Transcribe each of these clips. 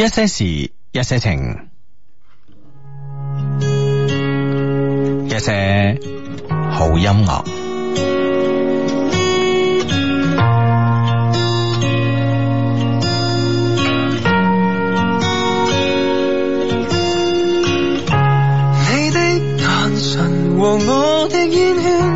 一些事，一些情，一些好音樂。你的眼神和我的煙圈，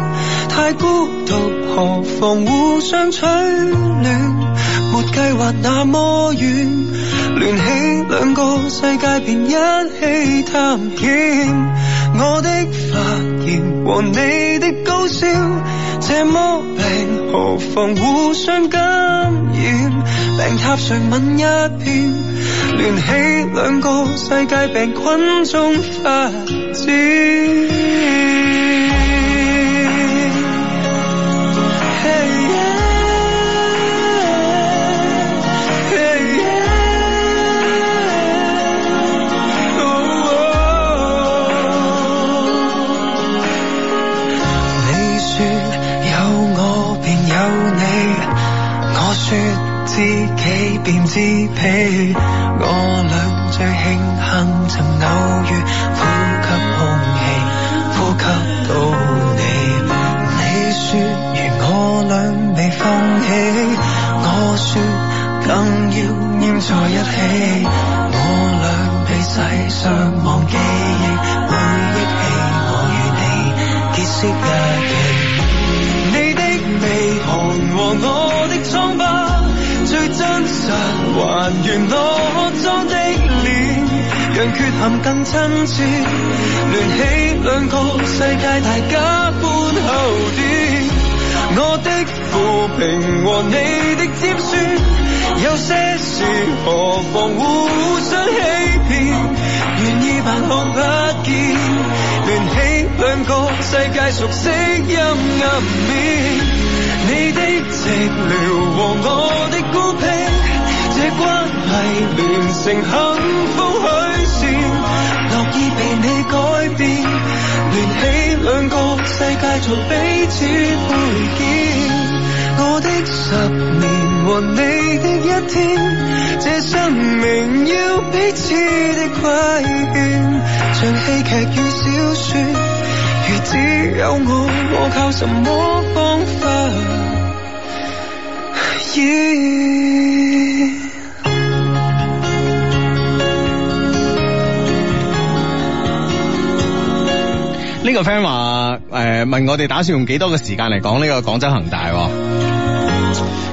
太孤獨，何妨互相取暖？沒計劃那麼遠。聯起兩個世界便一起探險，我的發炎和你的高燒這麼病，何妨互相感染，病榻上吻一遍，聯起兩個世界病菌中發展。便知彼，我倆最慶幸曾偶遇，呼吸空氣，呼吸到你。你說如我倆被放棄，我說更要黏在一起。我倆被洗上忘記憶，會憶起我與你結識日期。你的味盤和我。還原落妝的臉，讓缺陷更親切，聯起兩個世界，大家半后殿。我的負評和你的尖酸，有些事何妨互相欺騙，願意扮看不見，聯起兩個世界，熟悉陰暗面。你的寂寥和我的孤僻。關係連成幸福虛線，樂意被你改變，連起兩個世界在彼此背肩。我的十年和你的一天，這生命要彼此的虧欠，像戲劇與小說。如只有我，我靠什麼方法？呢個 friend 話：誒，問我哋打算用幾多嘅時間嚟講呢個廣州恒大。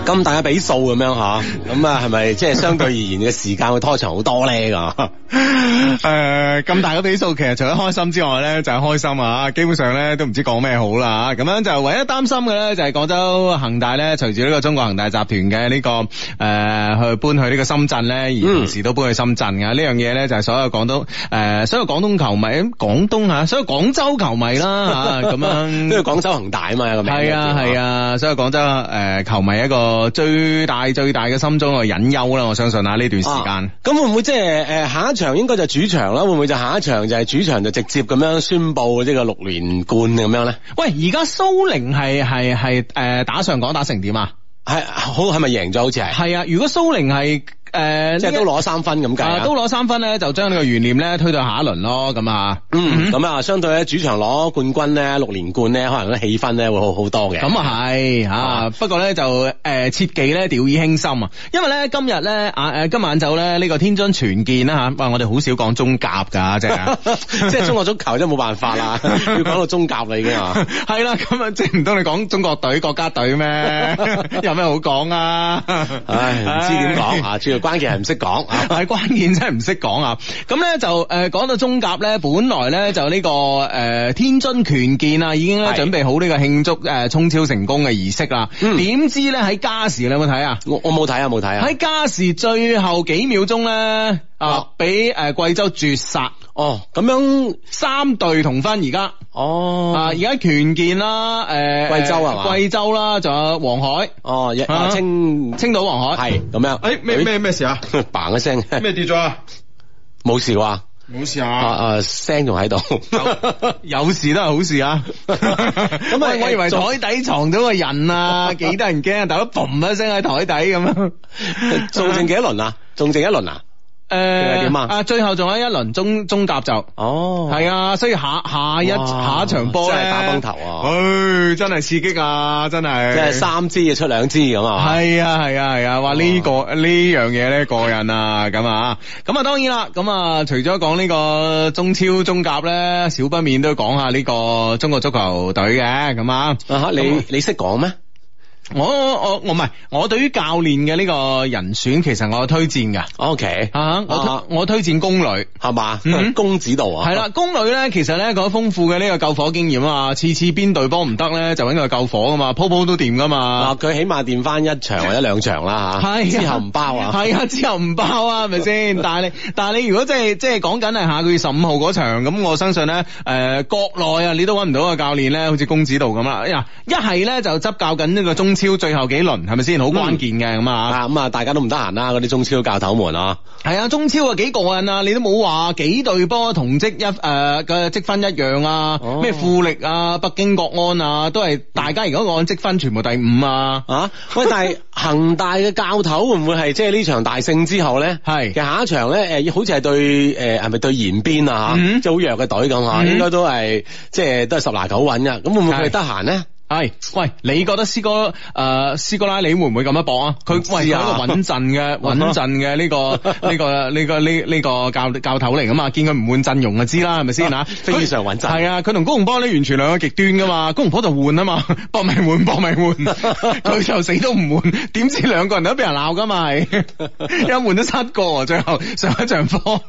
咁大嘅比數咁樣吓，咁啊係咪、嗯、即係相對而言嘅時間會拖長好多咧？噶誒、呃，咁大嘅比數，其實除咗開心之外咧，就係、是、開心啊！基本上咧都唔知講咩好啦、啊、咁樣就唯一擔心嘅咧，就係廣州恒大咧，隨住呢個中國恒大集團嘅呢、這個誒、呃、去搬去呢個深圳咧，而同時都搬去深圳啊。嗯、呢樣嘢咧，就係、是、所有廣東誒、呃、所有廣東球迷，廣東吓，所有廣州球迷啦吓，咁樣都係廣州恒大啊嘛，咁樣係啊係啊，所有廣州誒球迷一個。最大最大嘅心中嘅隱憂啦，我相信啊呢段時間。咁、啊、會唔會即係誒下一場應該就主場啦？會唔會就下一場就係主場就直接咁樣宣布即個六連冠咁樣咧？喂，而家蘇寧係係係誒打上港打成點啊？係好係咪贏咗？好似係係啊！如果蘇寧係。誒，即係都攞三分咁解，都攞三分咧，就將呢個懸念咧推到下一輪咯，咁啊，咁啊，相對咧主場攞冠軍咧六連冠咧，可能啲氣氛咧會好好多嘅。咁啊係啊，不過咧就誒切忌咧掉以輕心啊，因為咧今日咧啊誒今晚就咧呢個天津全建啦吓，哇，我哋好少講中甲噶，即係即係中國足球真係冇辦法啦，要講到中甲嚟嘅嘛。啊，係啦，咁啊即唔通你講中國隊國家隊咩？有咩好講啊？唉，唔知點講啊，主要關鍵係唔識講啊！係 關鍵真係唔識講啊！咁咧就誒講到中甲咧，本來咧就呢、這個誒、呃、天津權健啊，已經咧準備好呢個慶祝誒、呃、衝超成功嘅儀式啦。點、嗯、知咧喺加時，你有冇睇啊？我我冇睇啊，冇睇啊！喺加時最後幾秒鐘咧，啊俾誒貴州絕殺。哦，咁樣三隊同分而家。哦，啊，而家權健啦，誒，貴州啊，係嘛？貴州啦，仲有黃海，哦，青青島黃海係咁樣。誒，咩咩咩事啊？嘭一聲，咩跌咗啊？冇事啩？冇事啊？啊聲仲喺度，有事都係好事啊！咁啊，我以為台底藏咗個人啊，幾得人驚啊！大佬嘭一聲喺台底咁樣，仲剩幾多輪啊？仲剩一輪啊？誒點啊？啊、呃、最後仲有一輪中中甲就哦，係啊，所以下下，下一哇下一場波咧真係打崩頭啊！唉、哎，真係刺激啊！真係即係三支要出兩支咁、嗯、啊！係啊係啊係啊！哇呢個呢樣嘢咧過癮啊！咁啊咁啊當然啦，咁啊除咗講呢個中超中甲咧，少不免都講下呢個中國足球隊嘅咁啊！你那你識講咩？我我我唔係，我對於教練嘅呢個人選，其實我推薦噶。O Okay . K，、啊、我推、啊、我推薦宮女，係嘛吧？嗯，公子道啊，係啦，宮女咧，其實咧，佢豐富嘅呢個救火經驗啊，次次邊隊波唔得咧，就搵佢救火噶嘛，鋪鋪都掂噶嘛。嗱，佢起碼掂翻一場或者兩場啦吓，係、啊、之後唔包啊，係啊，之後唔包啊，係咪先？但係你但係你如果真係即係講緊係下個月十五號嗰場，咁我相信咧，誒、呃，國內啊，你都搵唔到個教練咧，好似公子道咁啦，哎呀，一係咧就執教緊呢個中。超最後幾輪係咪先？好關鍵嘅咁啊，咁、嗯、啊，大家都唔得閒啦。嗰啲中超教頭們，係啊，中超啊幾過癮啊？你都冇話幾隊波同積一誒嘅積分一樣啊？咩、哦、富力啊、北京國安啊，都係大家如果按積分全部第五啊？吓、啊，喂，但係恒大嘅教頭會唔會係即係呢場大勝之後咧？係是，其實下一場咧，誒，好似係對誒，係、呃、咪對延邊啊？吓，即好弱嘅隊咁啊，應該都係即係都係十拿九穩啊，咁會唔會佢哋得閒呢？是係，喂，你覺得斯哥誒、呃、斯科拉里會唔會咁樣搏啊？佢、啊、喂有一個穩陣嘅穩陣嘅呢個呢、 這個呢、這個呢呢、這個這個教教頭嚟噶嘛？見佢唔換陣容就知啦，係咪先啊？非常穩陣。係啊，佢同高洪波咧完全兩個極端噶嘛？高洪波就換啊嘛，搏咪換搏咪換，佢 就死都唔換。點知兩個人都俾人鬧噶嘛？又 換咗七個，最後上一場波。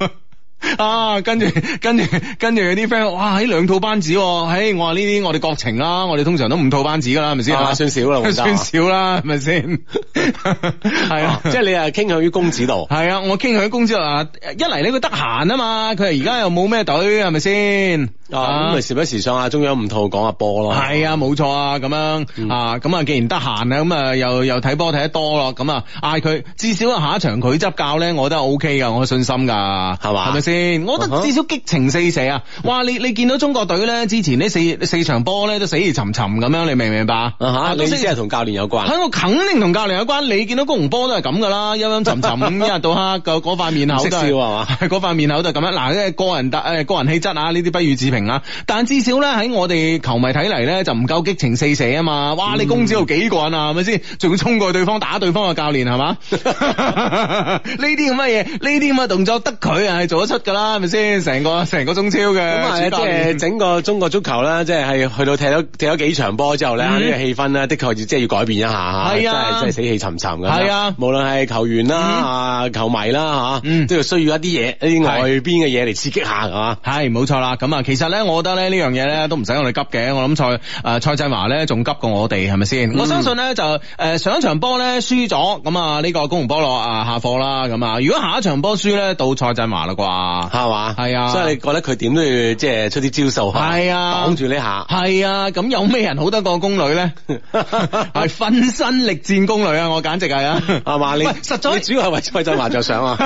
啊，跟住跟住跟住有啲 friend 哇，喺兩套班子喎，唉，我話呢啲我哋國情啦，我哋通常都五套班子噶啦，係咪先？算少啦，算少啦，係咪先？係啊，即係你啊傾向於公子度。係啊，我傾向於公子度啊，一嚟你佢得閒啊嘛，佢而家又冇咩隊，係咪先？咁咪時不時上下中央五套講下波咯。係啊，冇、嗯、錯啊，咁樣啊，咁啊既然得閒啊，咁啊又又睇波睇得多咯，咁啊嗌佢至少下一場佢執教咧，我都係 O K 噶，我有信心噶，係嘛吧？係咪我覺得至少激情四射啊！哇，你你見到中國隊咧，之前呢四四場波咧都死氣沉沉咁樣，你明唔明白？啊吓，你即係同教練有關？吓，我肯定同教練有關。你見到高洪波都係咁噶啦，陰陰沉沉， 一日到黑嗰塊面口都笑係嘛，嗰塊 面口都係咁樣。嗱，即係個人特誒，個人氣質、呃、啊，呢啲不予置評啊。但至少咧喺我哋球迷睇嚟咧就唔夠激情四射啊嘛！哇，你公子有幾個人啊，係咪先？仲要衝過對方打對方嘅教練係嘛？呢啲咁嘅嘢，呢啲咁嘅動作得佢係、啊、做得出。噶啦，係咪先？成個成個中超嘅咁係，即整個中國足球啦，即係係去到踢到踢咗幾場波之後咧，啲、嗯、氣氛咧的確要即係要改變一下吓，真係真係死氣沉沉嘅。係啊、嗯，無論係球員啦、嗯啊、球迷啦吓，啊嗯、都要需要一啲嘢、一啲外邊嘅嘢嚟刺激下，係嘛是？係，冇錯啦。咁啊，其實咧，我覺得咧呢樣嘢咧都唔使我哋急嘅。我諗蔡誒、呃、蔡振華咧仲急過我哋，係咪先？嗯、我相信咧就誒上一場波咧輸咗，咁啊呢個高洪波落啊下課啦。咁啊如果下一場波輸咧，到蔡振華啦啩。啊，係嘛，係啊，所以你覺得佢點都要即係出啲招數啊，擋住呢下，係啊，咁有咩人好得過宮女咧？係分身力戰宮女啊！我簡直係啊，係嘛，你實在，你主要係為蔡振華着想啊！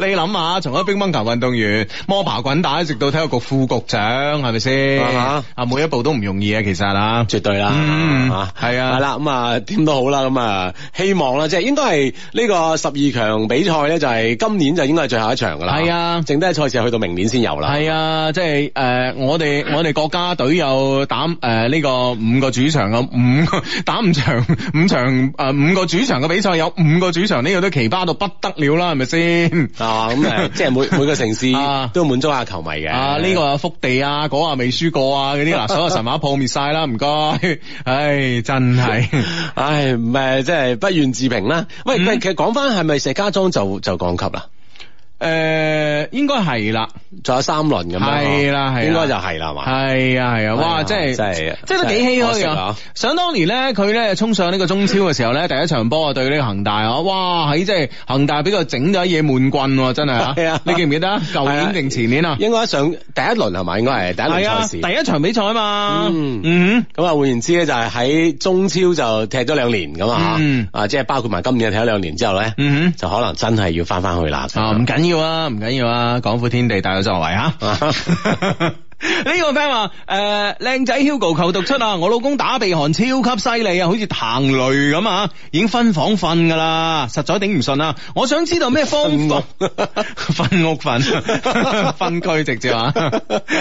你諗下，從一乒乓球運動員、摸爬滾打，一直到體育局副局長，係咪先？係嘛？啊，每一步都唔容易啊，其實啊，絕對啦，係啊，係啦，咁啊，點都好啦，咁啊，希望啦，即係應該係呢個十二強比賽咧。就係今年就應該係最後一場㗎啦，係啊，剩低嘅賽事去到明年先有啦。係啊，即係誒，我哋我哋國家隊有打誒呢、呃這個五個主場嘅五個打長五場五場誒五個主場嘅比賽，有五個主場呢、這個都奇葩到不得了啦，係咪先？啊，咁、嗯、誒，即係每 每個城市都滿足下球迷嘅、啊。啊，呢、這個福地啊，講話未輸過啊嗰啲嗱，所有神話破滅晒啦，唔該，唉，真係， 唉，唔係即係不怨自平啦。喂，其實講返係咪石家莊就就，就就就就就就就有降級啦。誒，應該係啦，仲有三輪咁樣，係啦，係，應該就係啦，係嘛，係啊，係啊，哇，真係，真係，真係都幾唏噓嘅嗬。想當年咧，佢咧衝上呢個中超嘅時候咧，第一場波啊對呢個恒大啊，哇，喺即係恒大俾佢整咗嘢悶棍，真係啊。你記唔記得啊？舊年定前年啊？應該上第一輪係咪？應該係第一輪賽事，第一場比賽啊嘛。嗯，咁啊換言之咧，就係喺中超就踢咗兩年咁啊吓，啊即係包括埋今年踢咗兩年之後咧，就可能真係要翻翻去啦。唔緊要。唔緊要，要，要，要府啊，廣闊天地大有作為吓。呢個 friend 話誒，呃，靚仔 Hugo 求讀出啊！我老公打鼻鼾超級犀利啊，好似彈雷咁啊，已經分房瞓噶啦，實在頂唔順啦！我想知道咩方法分屋瞓， 分區直接啊。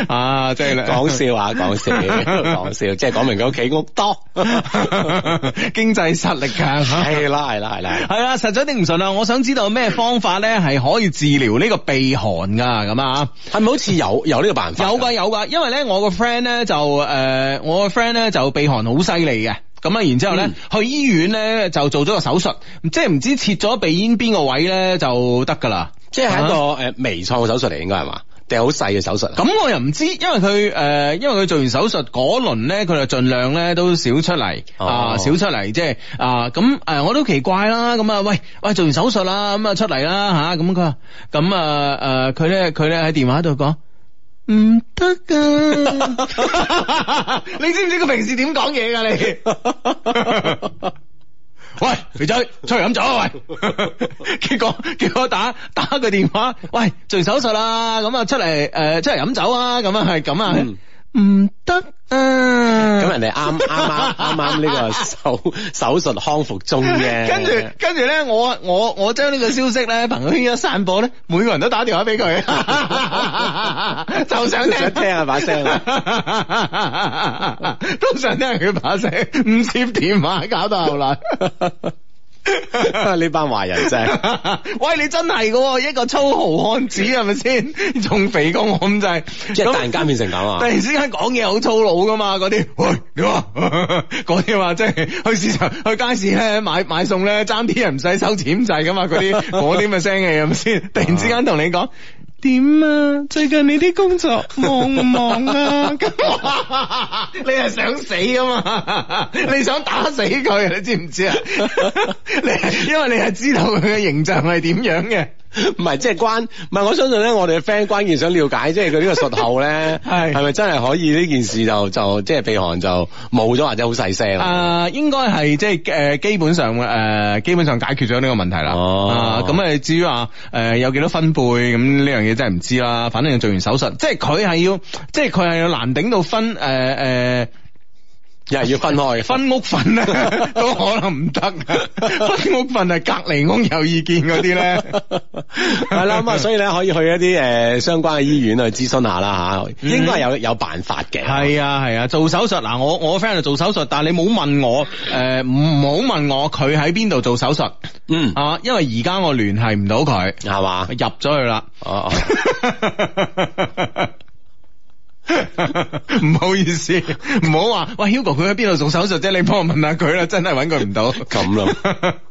啊，即係講笑啊，講笑，講笑，即係講明佢屋企屋多， 經濟實力強係啦，係啦， 係啦，係啊，實在頂唔順啊！我想知道咩方法咧，係可以治療呢個鼻鼾噶咁啊，係咪好似有有呢個辦法？有鬼有。有因為咧我個 friend 咧就誒，我個 friend 咧就鼻鼾好犀利嘅，咁啊，然之後咧去醫院咧就做咗個手術，即係唔知切咗鼻咽邊個位咧就得噶啦，即係一個誒微創嘅手術嚟應該係嘛，定係好細嘅手術。咁我又唔知，因為佢誒，因為佢做完手術嗰輪咧，佢就盡量咧都少出嚟、哦就是、啊，少出嚟即係啊，咁誒我都奇怪啦，咁啊喂喂，做完手術啦，咁啊出嚟啦吓，咁佢咁啊誒，佢咧佢咧喺電話度講。唔得噶！你知唔知佢平時點講嘢噶？你喂肥仔出嚟飲酒啊！喂，結果結果打打個電話。喂，做完手術啦，咁啊出嚟誒出嚟飲酒啊！咁啊係咁啊，唔得啊！咁人哋啱啱啱啱呢個手手術康復中嘅， 跟住跟住咧，我我我將呢個消息咧朋友圈一散播咧，每個人都打電話俾佢， 就想聽 想聽下把聲， 都想聽佢把聲，唔接電話搞到後 呢班壞人真係， 喂，你真係噶一個粗豪漢子係咪先？仲肥過我咁、就、滯、是，即係、啊、突然間變成咁啊！突然之間講嘢好粗魯噶嘛，嗰啲喂，點啊？嗰啲話即係去市場、去街市咧買買餸咧，爭啲人唔洗收錢滯噶嘛，嗰啲嗰啲咪聲氣係咪先？突然之間同你講。 點啊？最近你啲工作忙唔忙啊？咁 你係想死啊嘛？ 你想打死佢，啊，你知唔知啊？ 你係，因為你係知道佢嘅形象係點樣嘅。唔係，即係、 就是、關，唔係我相信咧，我哋嘅 friend 關鍵想了解，即係佢呢個術後咧，係係咪真係可以呢 件事就就即係鼻鼾就冇、是、咗或者好細聲？啊、呃，應該係即係誒，基本上誒、呃，基本上解決咗呢個問題啦。哦，咁啊、呃，至於話誒、呃、有幾多分貝，咁呢樣嘢真係唔知啦。反正做完手術，即係佢係要，即係佢係要難頂到分誒誒。呃呃呃又係 要分開，分屋份咧 都可能唔得， 分屋份係隔離屋有意見嗰啲咧，係啦咁啊，所以咧可以去一啲誒、呃、相關嘅醫院去諮詢下啦吓、啊，應該係有有辦法嘅。係、嗯、啊係啊，做手術嗱、啊，我我 friend 做手術，但係你冇問我誒，唔好、呃、問我佢喺邊度做手術，嗯啊，因為而家我聯繫唔到佢，係嘛入咗去啦。 唔 好意思，唔好話喂，Hugo 佢喺邊度做手術啫？你幫我問下佢啦，真係搵佢唔到。咁咯 吧。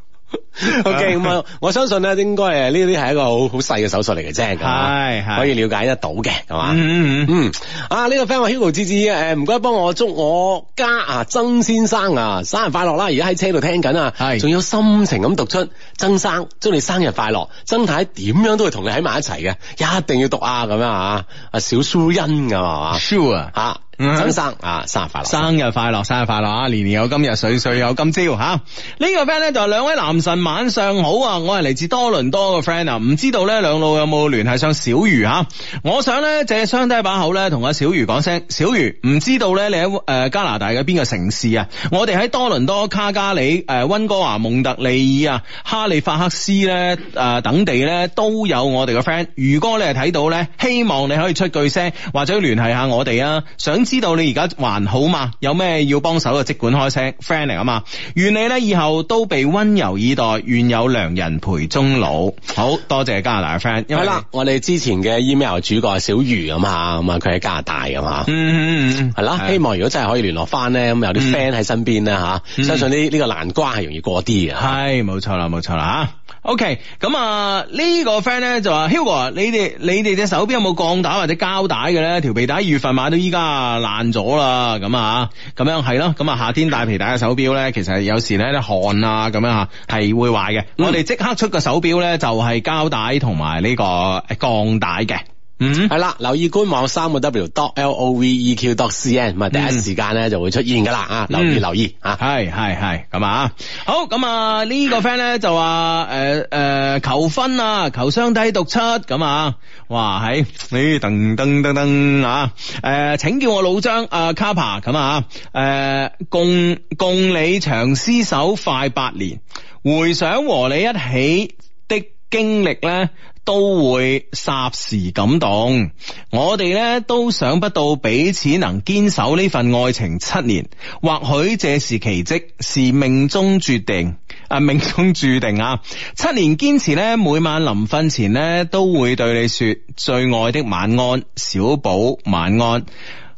OK，咁啊，我相信咧，應該誒呢啲係一個好好細嘅手術嚟嘅啫，係可以了解得到嘅，係嘛，嗯嗯啊，呢個 friend 話 Hugo 志志誒，唔該幫我祝我家啊曾先生啊生日快樂啦，而家喺車度聽緊啊，係仲有心情咁讀出曾生，祝你生日快樂，曾太點樣都會同你喺埋一齊嘅，一定要讀啊咁樣啊，啊小書恩噶嘛，書啊吓。Sure. 陳生啊，生日快樂！生日快樂，生日快樂啊！年年有今日，歲歲有今朝吓。呢個 friend 咧就係兩位男神，晚上好啊！我係嚟自多倫多嘅 friend 啊，唔知道咧兩路有冇聯繫上小魚吓？我想咧借雙低把口咧，同阿小魚講聲，小魚唔知道咧你喺誒加拿大嘅邊個城市啊？我哋喺多倫多、卡加里、誒溫哥華、蒙特利爾啊、哈利法克斯咧誒等地咧都有我哋嘅 friend。如果你係睇到咧，希望你可以出句聲，或者聯繫下我哋啊，想。知道你而家還好嘛？有咩要幫手嘅，即管開聲，friend 嚟啊嘛。願你咧以後都被溫柔以待，願有良人陪終老。好多謝加拿大嘅 friend。係啦，我哋之前嘅 email 主角係小魚啊嘛，咁啊佢喺加拿大啊嘛、嗯。嗯嗯嗯。係啦，的希望如果真係可以聯絡翻咧，咁有啲 friend 喺身邊咧吓，相信呢呢個難關係容易過啲嘅。係、嗯，冇、嗯、錯啦，冇錯啦吓。O.K. 咁啊，呢個 friend 咧就話 Hugo，你哋你哋隻手表有冇鋼帶或者膠帶嘅咧？條皮帶月份買到依家啊爛咗啦，咁啊咁樣係咯，咁啊夏天戴皮帶嘅手表咧，其實有時咧啲汗啊咁樣吓係會壞嘅。嗯、我哋即刻出個手表咧就係膠帶同埋呢個誒鋼帶嘅。嗯，係啦、mm hmm.，留意官網三個 W dot L O V E Q dot C N，咁啊，第一時間咧就會出現噶啦，啊、mm hmm.，留意留意啊，係係係，咁啊，好，咁啊、這個、呢個 friend 咧就話，誒、呃、誒、呃，求婚啊，求雙低獨七，咁啊，哇，係，你噔,噔噔噔噔啊，誒、呃，請叫我老張啊、呃，卡帕，咁啊，誒、呃，共共你長厮守快八年，回想和你一起的經歷咧。都會霎時感動，我哋咧都想不到彼此能堅守呢份愛情七年，或許這是奇跡，是命中注定啊，命中注定啊！七年堅持咧，每晚臨瞓前咧都會對你說最愛的晚安，小寶晚安。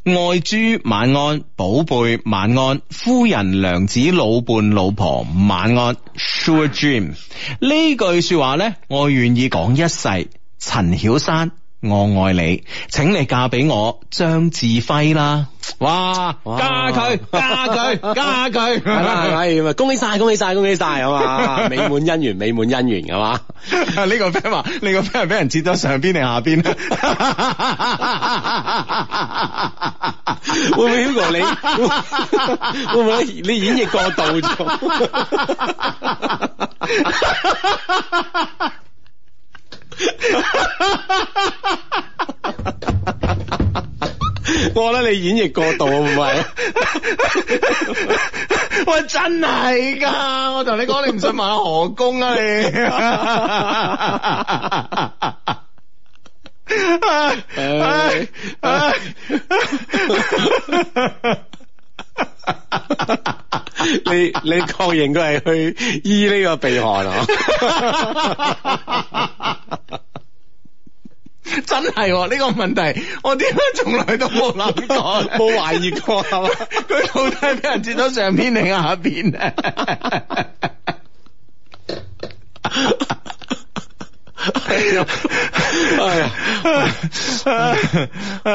愛豬晚安，寶貝晚安，夫人、娘子、老伴、老婆晚安，Sweet dream，呢句說話咧，我願意講一世，陳曉珊。我愛你，請你嫁俾我張志輝啦！哇，嫁佢，嫁佢，嫁佢！係咪恭喜晒？恭喜晒？恭喜晒！好嘛，美滿姻緣，美滿姻緣！啊嘛，呢個 friend 話，呢個 friend 俾人接咗上邊定下邊啦？會唔會 Hugo 你？會唔會你演繹過度咗？我覺 得你演繹過度啊，唔係 我真係噶，我同你講，你唔想問下何工啊，你？ 你你確認佢係去醫呢個鼻鼾啊？ 真係呢、呢個問題，我點解從來都冇諗過，冇懷 疑過，佢 到底係俾人接到上邊定下邊啊？ 係、 哎哎哎哎哎、啊，係 啊，唉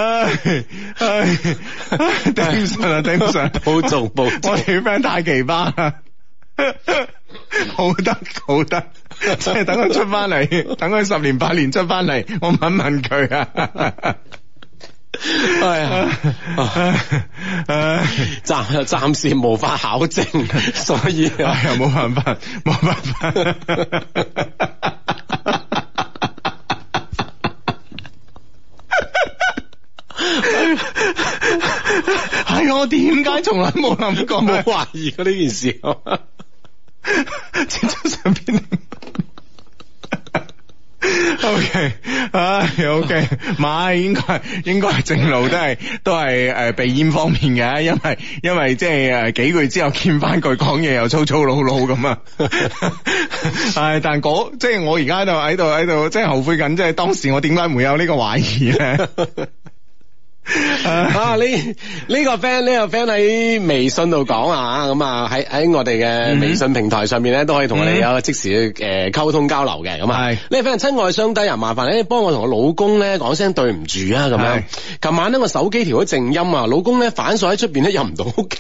唉唉，頂唔順啊，頂唔順，好做，報，我哋啲 friend 太奇葩啦、啊，好得，好得， 即係等佢出翻嚟， 等佢十年八年出翻嚟，我問問佢啊，係啊、哎，哎、 暫暫時無法考證，所以我又冇辦法，冇辦法。 係、 哎、我點解從來冇諗過，冇懷疑過呢件事？前桌上邊？O K，唉，O K，唔係應該應該係正路都，都係都係誒鼻咽方面嘅，因為因為即係誒幾個月之後見翻句講嘢又粗粗魯魯咁啊。唉、 哎，但嗰即係我而家喺度喺度喺度，即係後悔緊，即、就、係、是、當時我點解會有個懷呢個懷疑咧？ 啊！呢呢個 friend 呢個 friend 喺微信度講啊，咁啊喺喺我哋嘅微信平台上面咧都可以同我哋有即時嘅溝通交流嘅。咁啊，呢個 friend 親愛相低啊，麻煩你幫我同我老公咧講聲對唔住啊，咁樣。琴晚咧我手機調咗靜音啊，老公咧反鎖喺出邊咧入唔到屋企，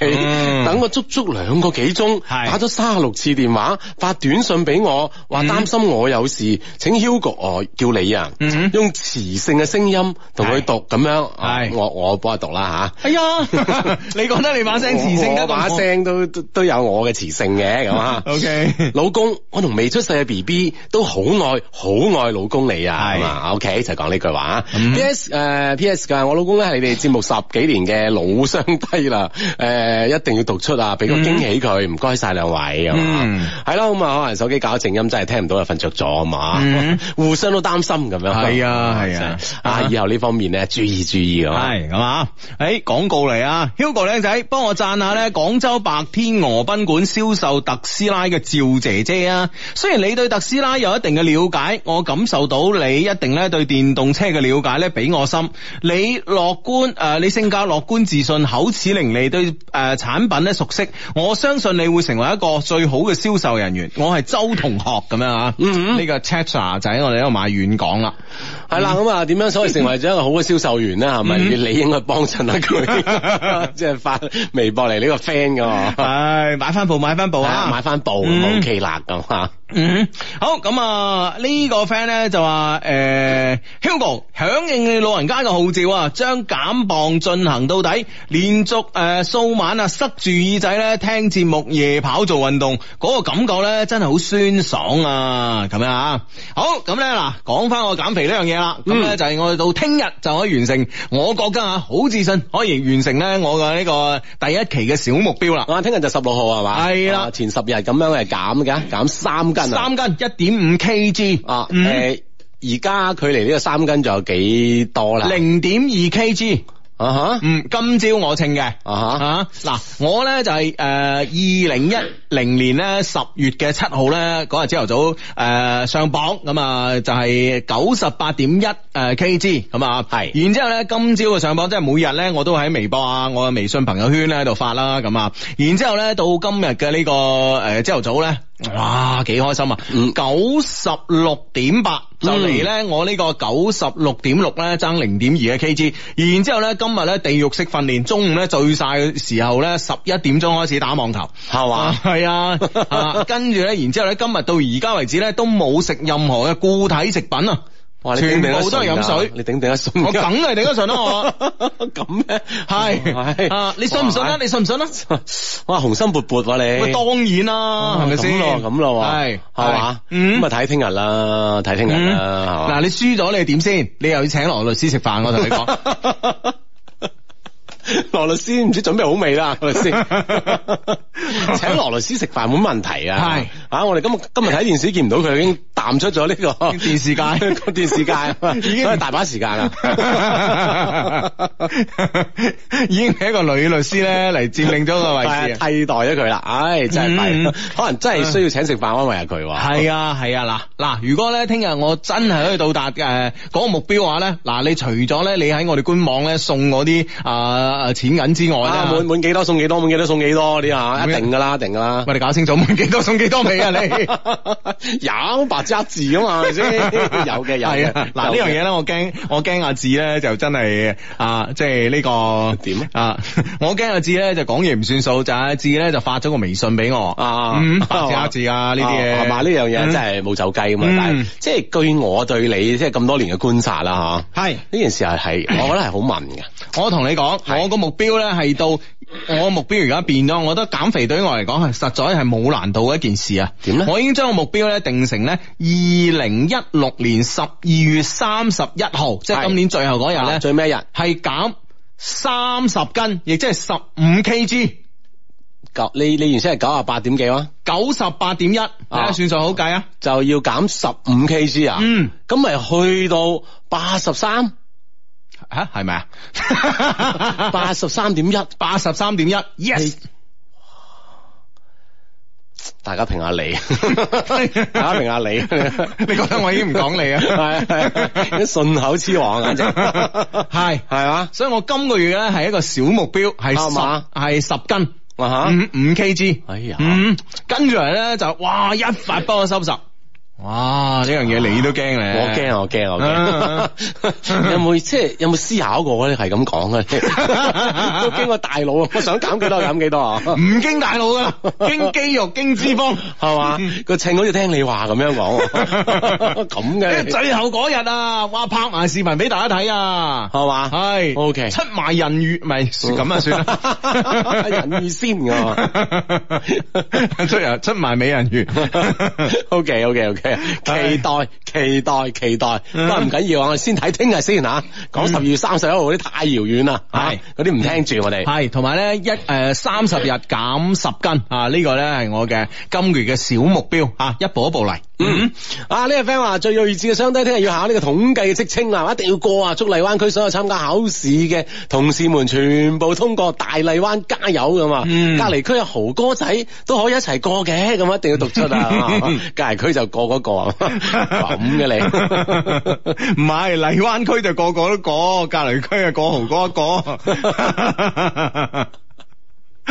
等我足足兩個幾鐘，打咗三十六次電話，發短信俾我，話擔心我有事，請 hug 我叫你啊，用磁性嘅聲音同佢讀咁樣。我我幫你讀啦吓，係啊，你覺得你把聲磁性啊？把聲都都有我嘅磁性嘅咁啊。O K，老公，我同未出世嘅 B B 都好愛好愛老公你啊。係嘛，O K，就講呢句話啊。P S，誒，P S，噶，我老公咧係你哋節目十幾年嘅老相低啦。誒，一定要讀出啊，俾個驚喜佢。唔該晒兩位咁啊。係咯，咁啊，可能手機搞靜音真係聽唔到啊，瞓着咗啊嘛。互相都擔心咁樣，係啊係啊，啊，以後呢方面咧注意注意咁啊。係係嘛？誒、啊，廣告嚟啊，Hugo 靚仔，幫我讚下呢廣州白天鵝賓館銷售特斯拉嘅趙姐姐啊！雖然你對特斯拉有一定嘅了解，我感受到你一定呢對電動車嘅了解呢比我深。你樂觀誒、呃，你性格樂觀自信，口齒伶俐，對誒、呃、產品呢熟悉。我相信你會成為一個最好嘅銷售人員。我係周同學咁樣啊， 嗯呢、嗯、個 c h a t z e 仔，我哋喺度賣軟廣啦。係啦，咁啊、嗯，點、嗯、樣所謂成為咗一個好嘅銷售員咧？係咪、嗯、你應該幫襯下佢？即係 發微博嚟呢個 friend 噶？係、哎、買翻部，買翻部啊！ 買翻部，OK，辣咁啊！ 嗯，好咁啊，呢、呢個 friend 咧就話誒、呃、，Hugo 響應你老人家嘅號召啊，將減磅進行到底，連續誒、呃、數晚啊塞住耳仔咧聽節目，夜跑做運動，嗰個感覺咧真係好酸爽啊！咁樣啊，好咁咧嗱，講翻我減肥呢樣嘢啦，咁咧、嗯、就係我哋到聽日就可以完成，我覺得啊好自信可以完成咧我嘅呢個第一期嘅小目標啦。我聽日就十六號係嘛？係啦，的前十日咁樣係減嘅，減三三斤一點五 kg 啊！誒、嗯，而家佢離呢個三斤仲有幾多啦？零點二 kg 啊哈！嗯，今朝我稱嘅啊哈啊！嗱，我咧就係誒二零一零年咧十月嘅七號咧嗰日朝頭早誒上，呃、上磅，咁、嗯、啊，就係九十八點一誒 kg 咁啊係。是然之後咧今朝嘅上磅，即係每日咧我都喺微博啊，我嘅微信朋友圈咧喺度發啦咁啊。然之後咧到今日嘅呢個誒朝頭早咧。呃呃呃呃呃呃呃哇，幾開心啊！九十六點八就嚟呢。我呢個九十六點六呢，爭零點二嘅 Kg，然之後咧今日呢，地獄式訓練，中午呢，最曬嘅時候呢，十一點鐘開始打網球，係嘛、嗯？係吧啊，跟住、啊 啊、呢，然之後咧今日到而家為止呢，都冇食任何嘅固體食品啊！哇！你頂唔頂得順？好多人飲水，你頂唔頂得順，我梗係頂得順啦！我咁咩？係啊！你信唔信啊？你信唔信啊？哇！雄心勃勃啊！你！當然啦，係咪先？咁咯，咁咯，係係嘛？咁啊睇聽日啦，睇聽日啦。嗱，你輸咗你係點先？你又要請羅律師食飯，我同你講。羅律師唔知準備好未啦，係咪先？請羅律師食飯冇問題啊！係是啊，我哋今日今日睇電視見唔到佢已經淡出咗呢、這個 電視界，個電視界已經、啊、係大把時間啦， 已經係一個女律師咧嚟佔領咗個位置、啊，替代咗佢啦！唉、哎，真係、嗯、可能真係需要請食飯安慰下佢。係 啊，係啊，嗱嗱，如果咧聽日我真係可以到達嘅嗰個目標嘅話咧，嗱、啊，你除咗咧你喺我哋官網咧送我啲啊～、呃呃呃啊！錢銀之外咧，滿滿幾多送幾多，滿幾多送幾多啲嚇，一定噶啦，一定噶啦。我哋搞清楚滿幾多送幾多未啊？你有白鴿字啊嘛？先有嘅有。係，嗱呢樣嘢咧，我驚我驚阿志咧就真係啊，即係呢個點啊？我驚阿志咧就講嘢唔算數，就阿志咧就發咗個微信俾我啊！白鴿字啊，呢啲嘢同埋呢樣嘢真係冇走雞咁嘛！但係即係據我對你即係咁多年嘅觀察啦嚇。係呢件事係係，我覺得係好文嘅。我同你講個目標咧係到我目標而家變咗，我覺得減肥對於我嚟講係實在係冇難度嘅一件事啊。點咧？我已經將個目標咧定成咧二零一六年十二月三十一號，是即係今年最後嗰日咧最尾一日，係減三十斤，亦即係十五 Kg。你你原先係九十八點幾啊？九十八點一，睇下算數好計啊！就要減十五 Kg 啊？嗯，咁咪去到八十三。吓，係咪啊？八十三點一，八十三點一，yes。大家評下你，啊 評下你， 你覺得我已經唔講你 啊？係係，順口雌黃簡直係係啊，所以我今個月咧係一個小目標，係十係十斤，五五 K G，哎呀，五、嗯、跟住嚟咧就哇一發幫我收拾。哇！呢樣嘢你都驚咧？我驚啊！我驚 有冇即係有冇思考過咧？係咁講嘅，都經過大腦， 我想減幾多減幾 多啊？唔經大腦噶，經肌肉、經脂肪，係嘛？個稱好似聽你話咁樣講，咁嘅。最後嗰日啊，哇！拍埋視頻俾大家睇啊，係嘛？係是，OK，出埋人魚咪咁啊算， 人魚先噶， 出人出埋美人魚 ，OK OK OK。期待，期待，期待，唔緊要啊！我先睇聽日先吓，講十二月三十一號啲太遙遠啦，係嗰啲唔聽住我哋。係同埋咧，一誒三十日減十斤啊！呢個咧係我嘅今月嘅小目標啊，一步一步嚟。嗯，啊呢個 friend 話最睿智嘅雙低聽日要考呢個統計嘅職稱啊，一定要過啊！祝荔灣區所有參加考試嘅同事們全部通過，大荔灣加油咁啊！隔籬區嘅豪哥仔都可以一齊過嘅，咁啊一定要讀出啊！隔籬區就個個。一咁嘅你唔係荔灣區就個個都過，隔籬區啊過豪哥一個，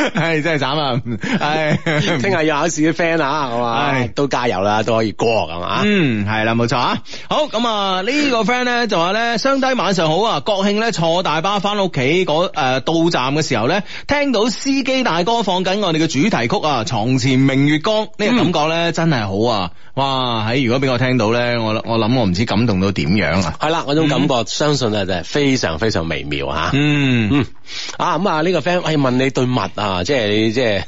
係、 哎、真係慘啊！係聽日有考試嘅 friend 啊，我話、哎，都加油啦，都可以過咁啊。嗯，係啦，冇錯啊。好咁啊，呢、這個 friend 咧就話咧，雙低晚上好啊。國慶咧坐大巴翻屋企，誒到站嘅時候咧，聽到司機大哥放緊我哋嘅主題曲啊，《床前明月光》，這，呢個感覺咧、嗯、真係好啊。哇！喺如果俾我聽到咧，我我諗我唔知感動到點樣啊！係啦，嗰種感覺相信啊，就係非常非常微妙嚇。嗯嗯。啊咁啊，呢個 friend，喂，問你對襪啊，即係你即係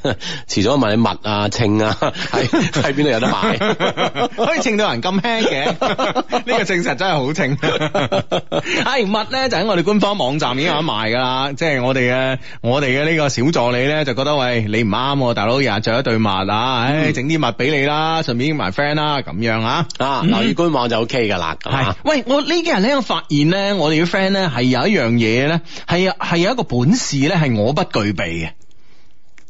遲早問你襪啊、稱啊，喺喺邊度有得買？可以稱到人咁輕嘅，呢個證實真係好稱。係襪咧，就喺我哋官方網站已經有得賣㗎啦。即係我哋嘅我哋嘅呢個小助理咧，就覺得喂你唔啱，大佬日日著一對襪啊，唉，整啲襪俾你啦，順便埋 friend 啊咁樣啊啊，留意官網就 OK 噶啦。係、嗯，是喂，我呢幾日咧發現咧，我哋啲 friend 咧係有一樣嘢咧，係係有一個本事咧，係我不具備嘅。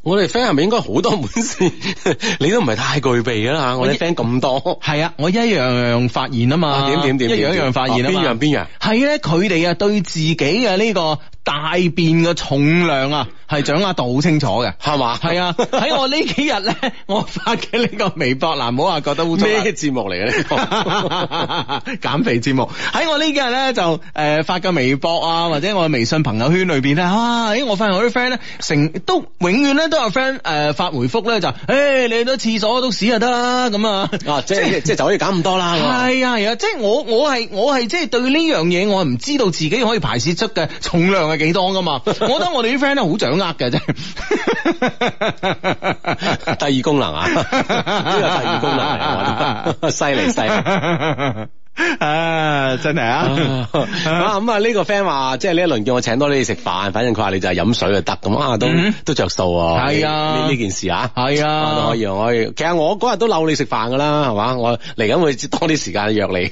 我哋 friend 係咪應該好多本事？ 你都唔係太具備啦吓，我啲 friend 咁多。係啊，我一樣一樣,一樣發現啊嘛。點點點，樣一樣一樣發現啊嘛。邊樣邊樣？係咧，佢哋啊，啊對自己嘅呢、這個。大便嘅重量吧啊，係掌握到好清楚嘅，係嘛？係啊，喺我呢幾日咧，我發嘅呢個微博嗱，唔好話覺得好，呢個節目嚟嘅呢個減肥節目。喺、啊這個、我呢幾日咧，就誒發嘅微博啊，或者我嘅微信朋友圈裏邊咧，誒、啊、我發現我啲 friend 咧，成都永遠咧都有 friend 誒、呃、發回覆咧，就誒你去到廁所都屎就得啦咁啊，啊即即即就可以減咁多啦。係啊係啊，啊啊即我我係我係即對呢樣嘢，我唔、就是、知道自己可以排泄出嘅重量嘅。幾多噶嘛？我覺得我哋啲 friend 咧好掌握嘅啫。第二功能啊，呢個第二功能嚟啊， 犀利犀利。啊，真係啊！咁啊，呢個 friend 話，即係呢一輪叫我請多你哋食飯，反正佢話你就係飲水就得，咁啊都都着數啊。係啊，呢呢件事啊，係啊，都可以，可以。其實我嗰日都遛你食飯噶啦，係嘛？我嚟緊會多啲時間約你。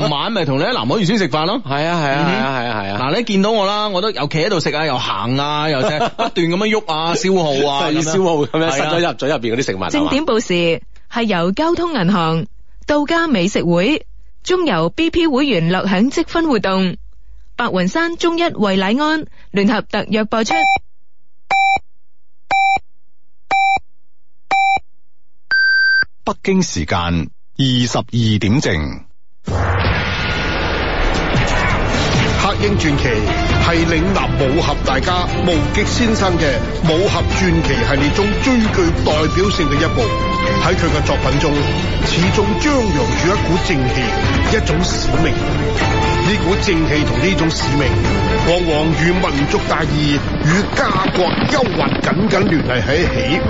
琴晚咪同你喺南海漁村食飯咯。係啊，係啊，係啊，係啊。嗱，你見到我啦，我都又企喺度食啊，又行啊，又即係不斷咁樣喐啊，消耗啊，消耗咁樣，塞咗入嘴入邊啲食物。正點報時係由交通銀行道家美食會。中油 BP 會員樂享積分活動，白雲山中一胃乃安聯合特約播出。北京時間二十二點正，點《黑鷹傳奇》。係嶺南武俠大家無極先生嘅武俠傳奇系列中最具代表性嘅一部。喺佢嘅作品中，始終張揚住一股正氣，一種使命。呢股正氣同呢種使命，往往與民族大義與家國憂患緊緊聯繫喺一起。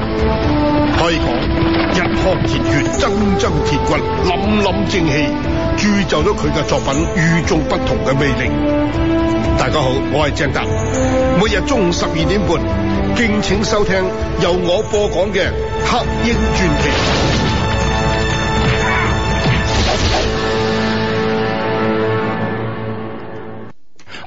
可以講，一腔熱血，錚錚鐵骨，凜凜正氣，鑄就咗佢嘅作品與眾不同嘅魅力。大家好，我係鄭達，每日中午十二點半，敬請收聽由我播講嘅《黑鷹傳奇》。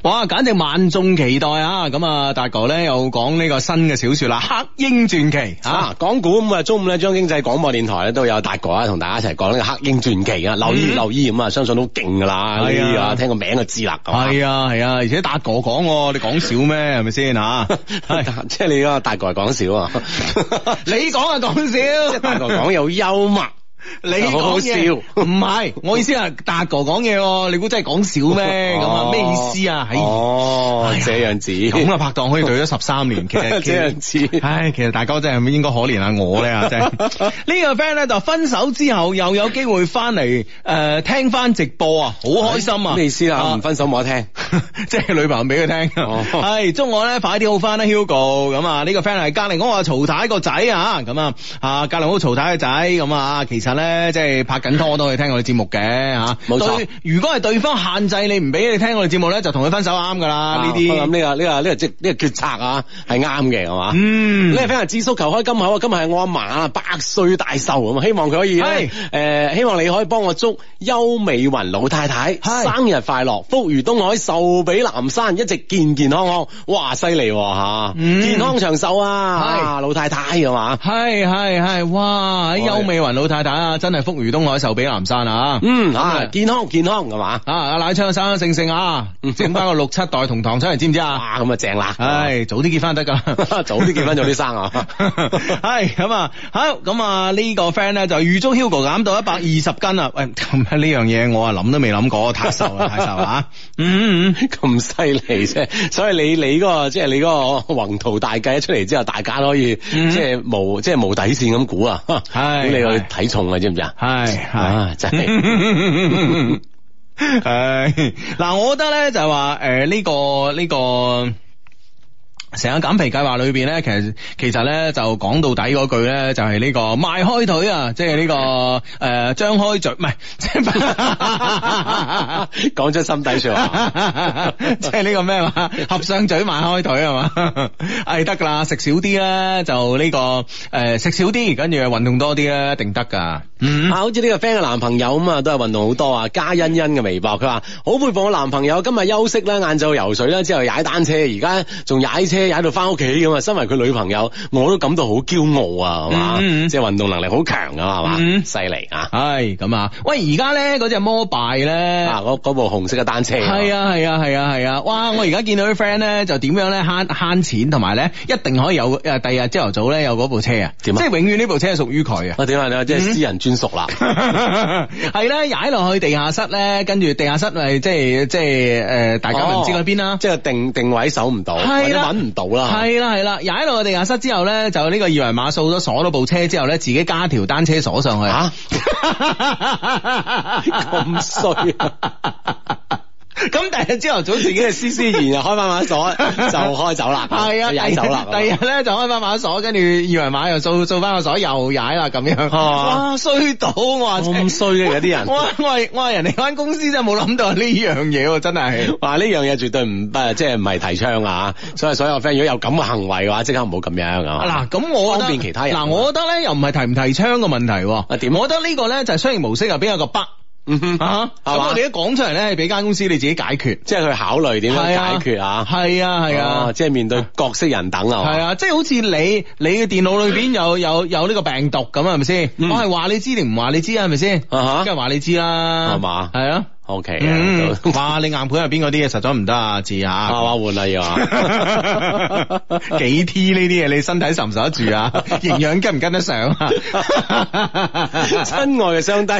哇，簡直萬眾期待啊！咁啊，達哥咧又講呢個新嘅小說啦，《黑鷹傳奇》啊，講古咁啊，中午咧將經濟廣播電臺咧都有達哥啊，同大家一齊講呢個《黑鷹傳奇》啊，留意、嗯、留意咁啊，相信都勁噶啦，係、嗯、啊，聽個名就知啦，係啊係啊，而且達哥講，你講少咩？係咪先吓？即係你啊，達哥講少啊，你講啊講少， 即係 達哥講又幽默。你好笑，唔係，我意思係達哥講嘢喎，你估真係講笑咩？咁啊咩意思啊？哦，這樣子咁啊，拍檔可以做咗十三年，其實這樣子，唉，其實大哥真係應該可憐下我咧啊，真係呢個 friend 咧就分手之後又有機會翻嚟誒聽翻直播啊，好開心啊！咩意思啊？唔分手冇得聽，即係女朋友俾佢聽，係祝我咧快啲好翻啦，Hugo。咁啊，呢個 friend 係隔離屋阿曹太個仔啊，咁啊啊隔離屋曹太個仔咁啊，其實。咧即係拍緊拖，都可以聽我哋節目嘅吓。冇錯錯，如果係對方限制你唔俾你聽我哋節目咧，就同佢分手啱噶啦。呢啲咁呢個呢、這個呢個即呢個決策啊，係啱嘅係嘛？嗯，你係非常知書求開金口。啊，今日係我阿嫲啊，百歲大壽咁，希望佢可以誒是、呃，希望你可以幫我祝邱美雲老太太是生日快樂，福如東海，壽比南山，一直健健康康。哇，犀利吓，健康長壽啊，老太太係嘛？係係係，哇！邱美雲老太太。啊！真係福如東海，壽比南山啊！嗯，啊健康健康係嘛啊！阿奶昌生生性性啊，整翻個六七代同堂出嚟，知唔知啊？咁啊正啦，唉、哎，早啲結翻得噶，早啲結翻，早啲生啊！係咁啊，好咁啊，呢個 friend 咧就預祝 Hugo 減到一百二十斤啊！喂，咁呢樣嘢我啊諗都未諗過，太瘦太瘦啊！嗯，咁犀利啫，所以你、那個就是、你嗰個即係你嗰個宏圖大計出嚟之後，大家可以即係、就是、無即係、就是、無底線咁估啊！係、嗯哎哎、你去睇重。知唔知啊？係啊，真係，係嗱，我覺得咧就係話，誒呢個呢個。成日減肥計劃裏邊咧，其實其實咧就講到底嗰句咧就係呢個邁開腿啊，即係呢個誒張開嘴，唔係講出心底說話，即係呢個咩話？合上嘴邁開腿係嘛？係得噶啦，食少啲啦，就呢個誒食少啲，跟住運動多啲啦，一定得噶。嗯，啊，好似呢個 friend 嘅男朋友吖嘛，都係運動好多啊。嘉欣欣嘅微博，佢話好佩服我男朋友，今日休息啦，晏晝游水啦，之後踩單車，而家仲踩車。踩到翻屋企咁啊！身為佢女朋友，我都感到好驕傲啊！係嘛，嗯嗯、即係運動能力好強、嗯、啊！係嘛，犀利啊！係咁啊！喂，而家咧嗰隻摩拜咧，嗰、啊、部紅色嘅單車，係啊係啊係啊係啊，啊！哇！我而家見到啲 friend 咧，就點樣咧慳慳錢，同埋咧一定可以有第二日朝頭早咧有嗰部車，樣部車啊！點即係永遠呢部車係屬於佢啊！點啊點啊！即係私人專屬啦！係啦、嗯， 踩落去地下室咧，跟住地下室咪即係即係誒，大家唔知去邊啦，哦、即係定定位搜唔到，搵搵唔。到啦，係啦係啦，踩喺我哋地下室之後咧，就呢個二維碼掃咗鎖咗部車之後咧，自己加條單車鎖上去，吓咁衰啊！ 咁第日朝頭早自己係 c 思然，開翻把鎖就開走啦，係啊，走啦。第二日咧就開翻把鎖，跟住二維碼又掃掃翻個鎖又踩啦，咁樣哇，衰到我話咁衰嘅。有啲人我我我話人哋間公司真係冇諗到呢樣嘢，真係話呢樣嘢絕對唔得，即係唔係提倡啊。所以所有 friend 如果有咁嘅行為嘅話，即刻唔好咁樣啊嗱。咁、啊、我覺得方便其他人嗱、啊啊，我覺得咧又唔係提唔提倡嘅問題啊點？啊我覺得呢、這個咧就係商業模式入邊有個北。嗯哼，咁、 啊、吧我哋一講出嚟咧，俾間公司你自己解決，即係去考慮點樣解決啊？係啊，係啊，啊，即係面對各色人等啊。係啊，啊，即係好似你，你嘅電腦裏邊有有有呢個病毒咁，係咪先？嗯、我係話你知定唔話你知啊？係咪先？啊吓，梗係話你知啦，係嘛？係啊。O K 啊，哇，你硬盤入邊嗰啲嘢實在唔得啊，字吓，娃娃換啦要啊，幾 T 呢啲嘢，你身體受唔受得住啊？營養跟唔跟得上啊？親愛嘅上帝，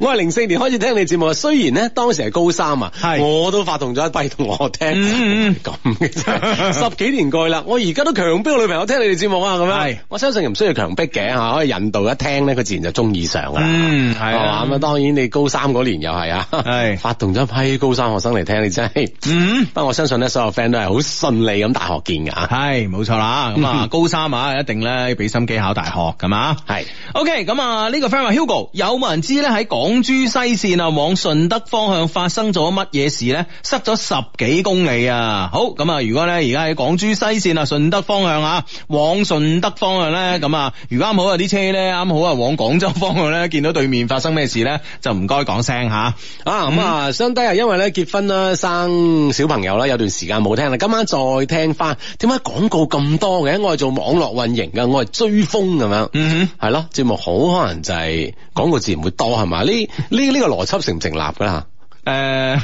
我係零四年開始聽你節目啊，雖然咧當時係高三啊，係我都發動咗一批同我聽，咁嘅真，十幾年過啦，我而家都強逼我女朋友聽你哋節目啊，咁樣，我相信又唔需要強逼嘅，吓，可以引導一聽咧，佢自然就中意上啦，係啊，咁啊，當然你高三嗰年又係啊。係，是發動咗一批高三學生嚟聽，你真係，嗯，不過我相信咧，所有 friend 都係好順利咁大學見噶，係，冇錯啦，咁啊、嗯，高三啊，一定咧要俾心機考大學，咁啊，係是，OK，咁啊，呢、這個 friend 話 Hugo，有冇人知咧喺廣珠西線啊往順德方向發生咗乜嘢事咧？塞咗十幾公里啊，好，咁啊，如果咧而家喺廣珠西線啊順德方向啊往順德方向咧，咁啊，如果啱好啊啲車咧啱好啊往廣州方向咧見到對面發生咩事咧，就唔該講聲吓。啊啊咁啊，嗯、相低啊，因為咧結婚啦，生小朋友啦，有段時間冇聽啦，今晚再聽翻。點解廣告咁多嘅？我係做網絡運營嘅，我係追風咁樣，嗯哼，係咯節目好，可能就係、是、廣告自然會多係嘛？呢呢呢個邏輯成唔成立噶吓？ 誒，呃、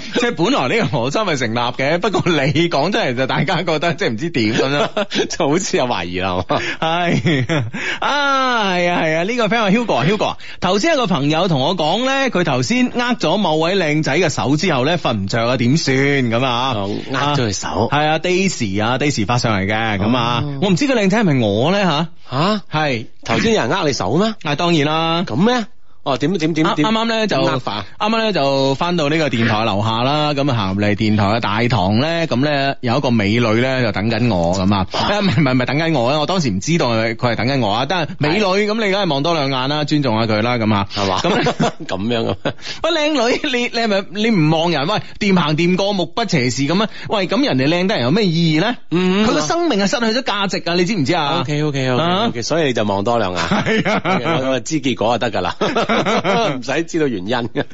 即係本來呢個邏輯係成立嘅，不過你講出嚟就大家覺得即係唔知點咁樣， 就好似有懷疑啦，係嘛？係啊，係啊，呢個 friend Hugo Hugo 啊，頭先有個朋友同我講咧，佢頭先握咗某位靚仔嘅手之後咧，瞓唔着啊，點算咁啊？握咗佢手，係啊 Daisy 啊，Daisy 發上嚟嘅，咁、哦、啊，我唔知個靚仔係咪我咧吓？吓，係頭先有人握你手咩？嗱， 當然啦。咁咩？哦，點點點啱啱咧就啱啱咧就翻到呢個電台樓下啦，咁啊行嚟電台嘅大堂咧，咁咧有一個美女咧就等緊我咁啊，唔係唔係等緊我啊。我當時唔知道佢佢係等緊我啊，但係美女咁你梗係望多兩眼啦，尊重下佢啦，咁啊係嘛？咁咁樣，喂，靚女，你你係咪你唔望人，喂，掂行掂過，目不斜視咁啊？喂咁人哋靚得人有咩意義咧？佢個生命係失去咗價值啊，你知唔知啊？OK OK OK 所以你就望多兩眼，係啊，知結果就得噶啦。唔 使知道原因嘅，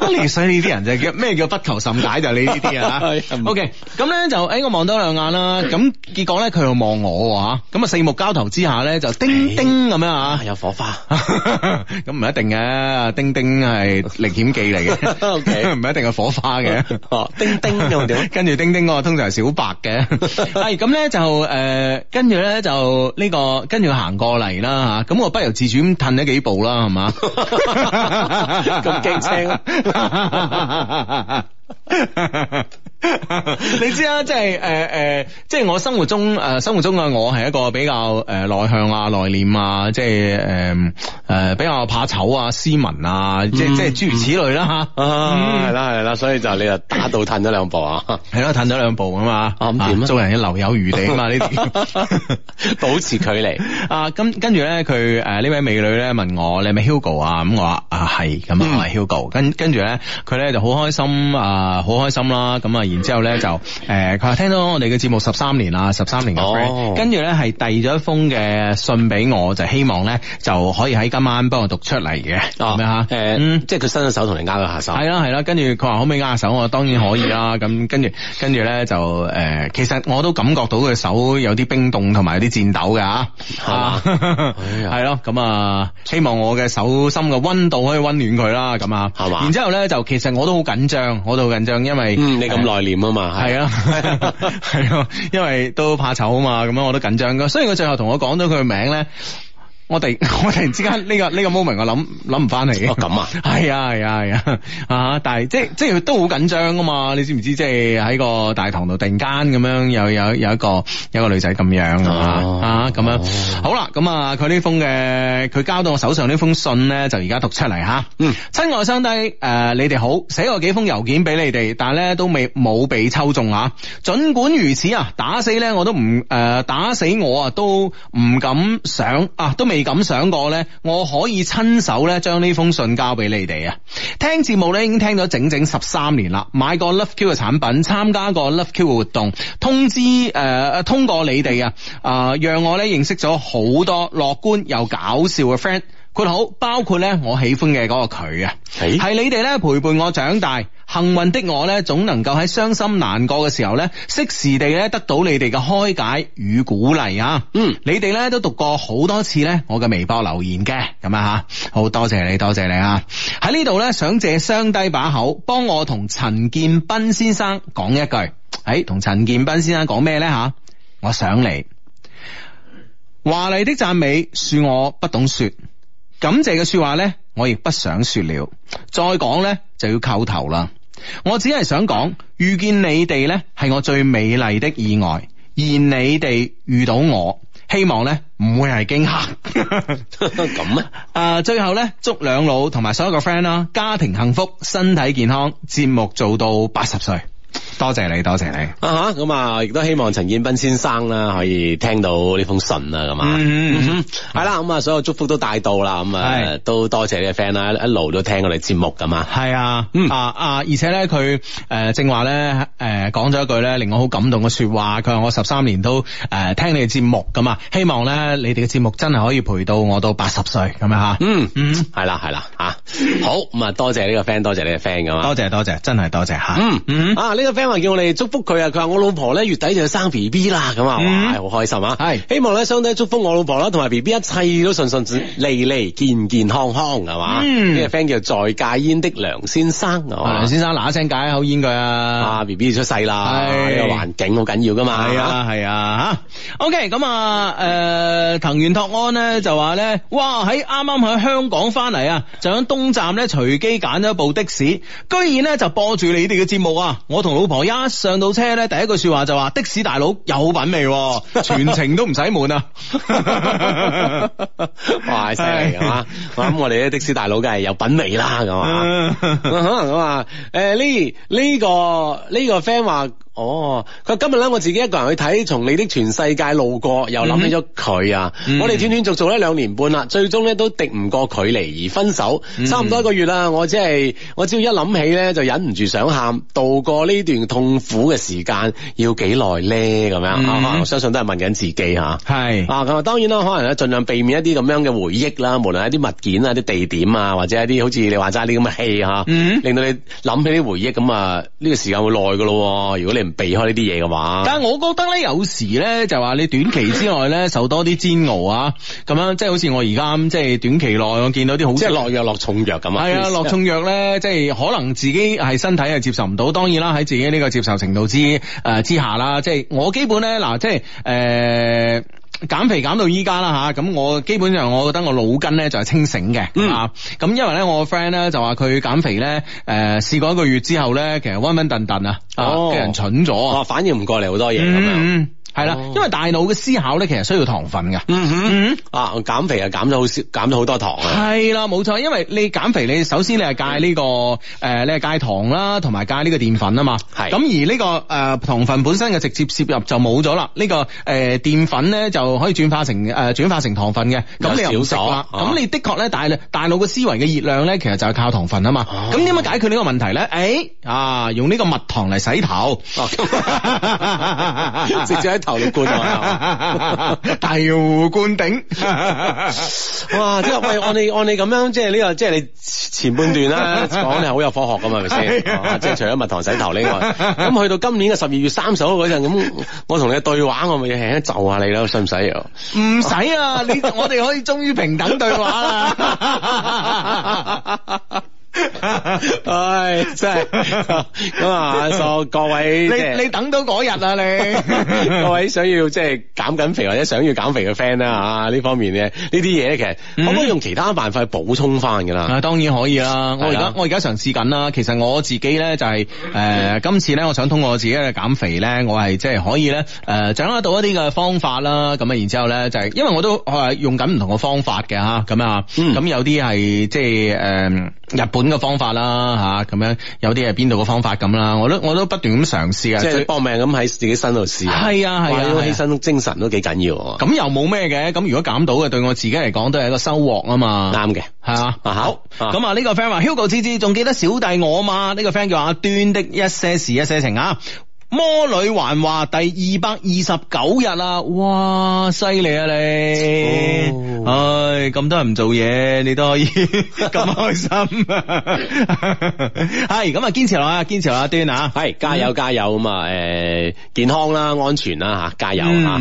嚟晒呢啲人就叫咩叫，不求甚解就你呢啲啊 O K。咁咧就誒、欸，我望多兩眼啦。咁結果咧佢又望我吓，咁啊四目交投之下咧就叮叮咁樣啊，有火花。咁唔 一定嘅，叮叮係歷險記嚟嘅。O K，唔一定係火花嘅、 啊。叮叮跟住叮叮，我通常係小白嘅。係咁咧就誒、呃，跟住咧就呢、這個跟住行過嚟啦吓。咁、啊、我不由自主咁褪咗幾步。好啦，係嘛？咁驚青啊！你知啦，即係誒誒，即係我生活中誒生活中嘅我係一個比較誒內向啊、內斂啊，即係誒誒比較怕醜啊、斯文啊，即係即係諸如此類啦吓，係啦係啦，所以就你就打到褪咗兩步啊，係咯褪咗兩步啊嘛，做人要留有餘地啊嘛，呢啲保持距離啊。跟跟住咧，佢誒呢位美女咧問我你係咪 Hugo 啊？咁我話啊係咁啊係 Hugo。跟跟住咧，佢咧就好開心啊！啊，好開心啦！咁啊，然之後咧就，誒、呃，佢話聽到我哋嘅節目十三年啦，十三年嘅 friend，跟住咧係遞咗一封嘅信俾我就，就希望咧就可以喺今晚幫我讀出嚟嘅。咁樣吓？呃嗯、即係佢伸咗手同你握咗下手。係啦係啦，跟住佢話可唔可以握手？我當然可以啦。咁跟住，跟住咧就，誒、呃，其實我都感覺到佢手有啲冰凍同埋有啲顫抖嘅吓，係咯， 咁、哎、啊、 嗯，希望我嘅手心嘅溫度可以溫暖佢啦，咁啊， 然之後咧就，其實我都好緊張，我就。我都緊張，因為嗯，嗯你咁內斂啊嘛，係啊係 啊，啊，因為都怕醜啊嘛，咁樣我都緊張噶。雖然佢最後同我講咗佢嘅名咧。我突我突然之間呢個呢個 moment，我諗諗唔翻嚟嘅。哦咁 啊，係啊係啊係啊，啊！但係即係即係佢都好緊張噶嘛，你知唔知？即係喺個大堂度突然間咁樣有有有一個有一個女仔咁樣啊啊咁樣。啊啊樣啊，好啦，咁啊佢呢封嘅佢交到我手上呢封信咧，就而家讀出嚟吓。啊、嗯，親愛兄弟誒，你哋好，寫過幾封郵件俾你哋，但係咧都未冇被抽中啊。盡管如此啊，打死咧我都唔誒，打死我啊都唔敢想啊，啊，都未。未咁想過咧，我可以親手咧將呢封信交俾你哋啊！聽節目咧已經聽咗整整十三年啦，買過 Love Q 嘅產品，參加過 Love Q 嘅活動，通知誒誒、呃，通過你哋啊啊，讓我咧認識咗好多樂觀又搞笑嘅 friend。括好，包括咧，我喜歡嘅嗰個佢啊，係、欸、你哋咧陪伴我長大，幸運的我咧總能夠喺傷心難過嘅時候咧，適時地咧得到你哋嘅開解與鼓勵啊。嗯，你哋咧都讀過好多次咧我嘅微博留言嘅，咁啊吓，好多謝你，多謝你啊！喺呢度咧想借雙低把口，幫我同陳建斌先生講一句，誒同陳建斌先生講咩咧吓？我想你，華麗的讚美恕我不懂說。感謝嘅說話呢，我亦不想說了。再講呢，就要叩頭啦。我只係想講，遇見你哋呢係我最美麗的意外，而你哋遇到我，希望呢唔會係驚嚇。咁 啊，最後呢，祝兩老同埋所有嘅 friend 啦，家庭幸福，身體健康，節目做到八十歲。多謝你，多謝你啊吓！咁啊，亦、啊、都希望陳建斌先生啦，可以聽到呢封信啊，咁啊，係啦、嗯，咁、嗯、啊、嗯，所有祝福都帶到啦，咁啊，都是多謝呢個 friend 啦，一路都聽我哋節目咁啊，係、嗯、啊，啊啊，而且咧，佢、呃、誒正話咧，誒講咗一句咧，令我好感動嘅說話，佢話我十三年都誒、呃、聽你哋節目咁啊，希望咧你哋嘅節目真係可以陪到我到八十歲咁樣吓，嗯嗯，係啦係啦啊，好咁啊，多謝呢個 friend，多謝呢個 friend 咁啊，多謝多謝，真係多謝吓，嗯嗯啊。啊啊呢個 friend 叫我哋祝福佢啊，佢話我老婆咧月底就要生 B B 啦，咁啊，好、嗯、開心啊！係是希望咧，相對祝福我老婆啦，同埋 B B 一切都順順利利、健健康康，係嘛？呢、嗯、個 friend 叫做在戒煙的梁先生，梁、嗯啊、先生嗱一聲戒一口煙、啊，佢啊，B B 要出世啦，呢個環境好緊要噶嘛，係啊，係啊，吓。O K，咁啊，誒、okay, 嗯，藤、呃、原拓安咧就話咧，哇，喺啱啱喺香港翻嚟啊，就喺東站咧隨機揀咗部的士，居然咧就播住你哋嘅節目啊，我同。老婆一上到車咧，第一句說話就話： 的士大佬有品味，全程都唔使悶啊！ 哇，犀利㗎嘛！哇，咁我諗我哋咧的士大佬梗係有品味啦，咁啊咁啊，誒呢呢個呢、呢個 friend 話。哦，佢今日咧我自己一個人去睇《從你的全世界路過》，又諗起咗佢啊！我哋斷斷續續咧兩年半啦，最終咧都敵唔過距離而分手。差唔多一個月啦，我即係我只要一諗起咧，就忍唔住想喊。渡過呢段痛苦嘅時間要幾耐咧？咁樣我相信都係問緊自己嚇。係啊，咁啊當然啦，可能咧盡量避免一啲咁樣嘅回憶啦，無論係一啲物件啊、啲地點啊，或者一啲好似你話齋啲咁嘅戲嚇，令到你諗起啲回憶咁啊，呢個時間會耐㗎咯。如果你避開呢啲嘢嘅話，但係我覺得咧，有時咧就話你短期之內咧受多啲煎熬啊，咁樣即係好似我而家咁，即係短期內我見到啲好即係落藥落重藥咁啊，係啊，落重藥咧，即係可能自己係身體係接受唔到，當然啦喺自己呢個接受程度之誒之下啦，即係我基本咧嗱，即係誒。欸減肥減到依家啦吓，咁我基本上我覺得我腦筋咧就係清醒嘅，啊、嗯，咁因為咧我個 friend 咧就話佢減肥咧，誒、呃、試過一個月之後咧，其實暈暈沌沌啊，跟人蠢咗啊、哦，反而唔過嚟好多嘢咁、嗯、樣。係啦，因為大腦嘅思考咧，其實需要糖分嘅、嗯。嗯哼，啊，減肥啊，減咗好少，減咗好多糖。係啦，冇錯，因為你減肥，你首先你係戒呢個誒、 呃，你係戒糖啦，同埋戒呢個澱粉啊嘛。係。咁而呢個誒糖分本身嘅直接攝入就冇咗啦，呢、這個誒、呃、澱粉咧就可以轉化成誒轉化成糖分嘅。咁點你又少咗。咁、啊、你的確咧，但大腦嘅思維嘅熱量咧，其實就係靠糖分啊嘛。咁點樣解決呢個問題咧？誒、嗯，啊，用呢個蜜糖嚟洗頭。直接。頭你過咗，醍醐灌頂， 哇！即係喂，按你按你咁樣，即係呢、這個，即係你前半段啦，啊，講你係好有科學噶嘛，係咪先？即係除咗蜜糖洗頭另外，咁、 嗯、去到今年嘅十二月三十號嗰陣，咁我同你對話，我咪要輕輕就下你咯，使唔使？唔使啊！ 你我哋可以終於平等對話啦。 唉，真係咁啊，啊各位，你你等到嗰日啊，你 各位想要即係減緊肥或者想要減肥嘅 friend 咧啊，呢方面嘅呢啲嘢，其實可唔、嗯、可以用其他辦法去補充翻噶啦？啊，當然可以啦。 的我而家我而家嘗試緊啦。其實我自己咧就係、是、誒、呃，今次咧我想通過我自己嘅減肥咧，我係即係可以咧誒掌握到一啲嘅方法啦。咁啊，然之後咧就係、是、因為我都係用緊唔同嘅方法嘅吓，咁啊，咁有啲係即係誒、呃、日本。咁嘅方法啦，吓咁樣有啲係邊度嘅方法咁啦，我都我都不斷咁嘗試啊，即係搏命咁喺自己身度試，係啊係啊，起身精神都幾緊要。咁又冇咩嘅，咁如果減到嘅，對我自己嚟講都係一個收穫啊嘛。啱嘅，係啊，啊好。咁啊呢個 friend 話，Hugo 芝芝仲記得小弟我嘛？呢個 friend 叫阿端的一些事一些情啊。魔女還話第二百二十九日啦，哇，犀利啊你！哦、唉，咁多人唔做嘢，你都可以咁 開心。係咁啊，堅 持落啊，堅持落啊，端啊，係，加油加油咁啊！誒、嗯，嗯、健康啦，安全啦吓，加油吓！好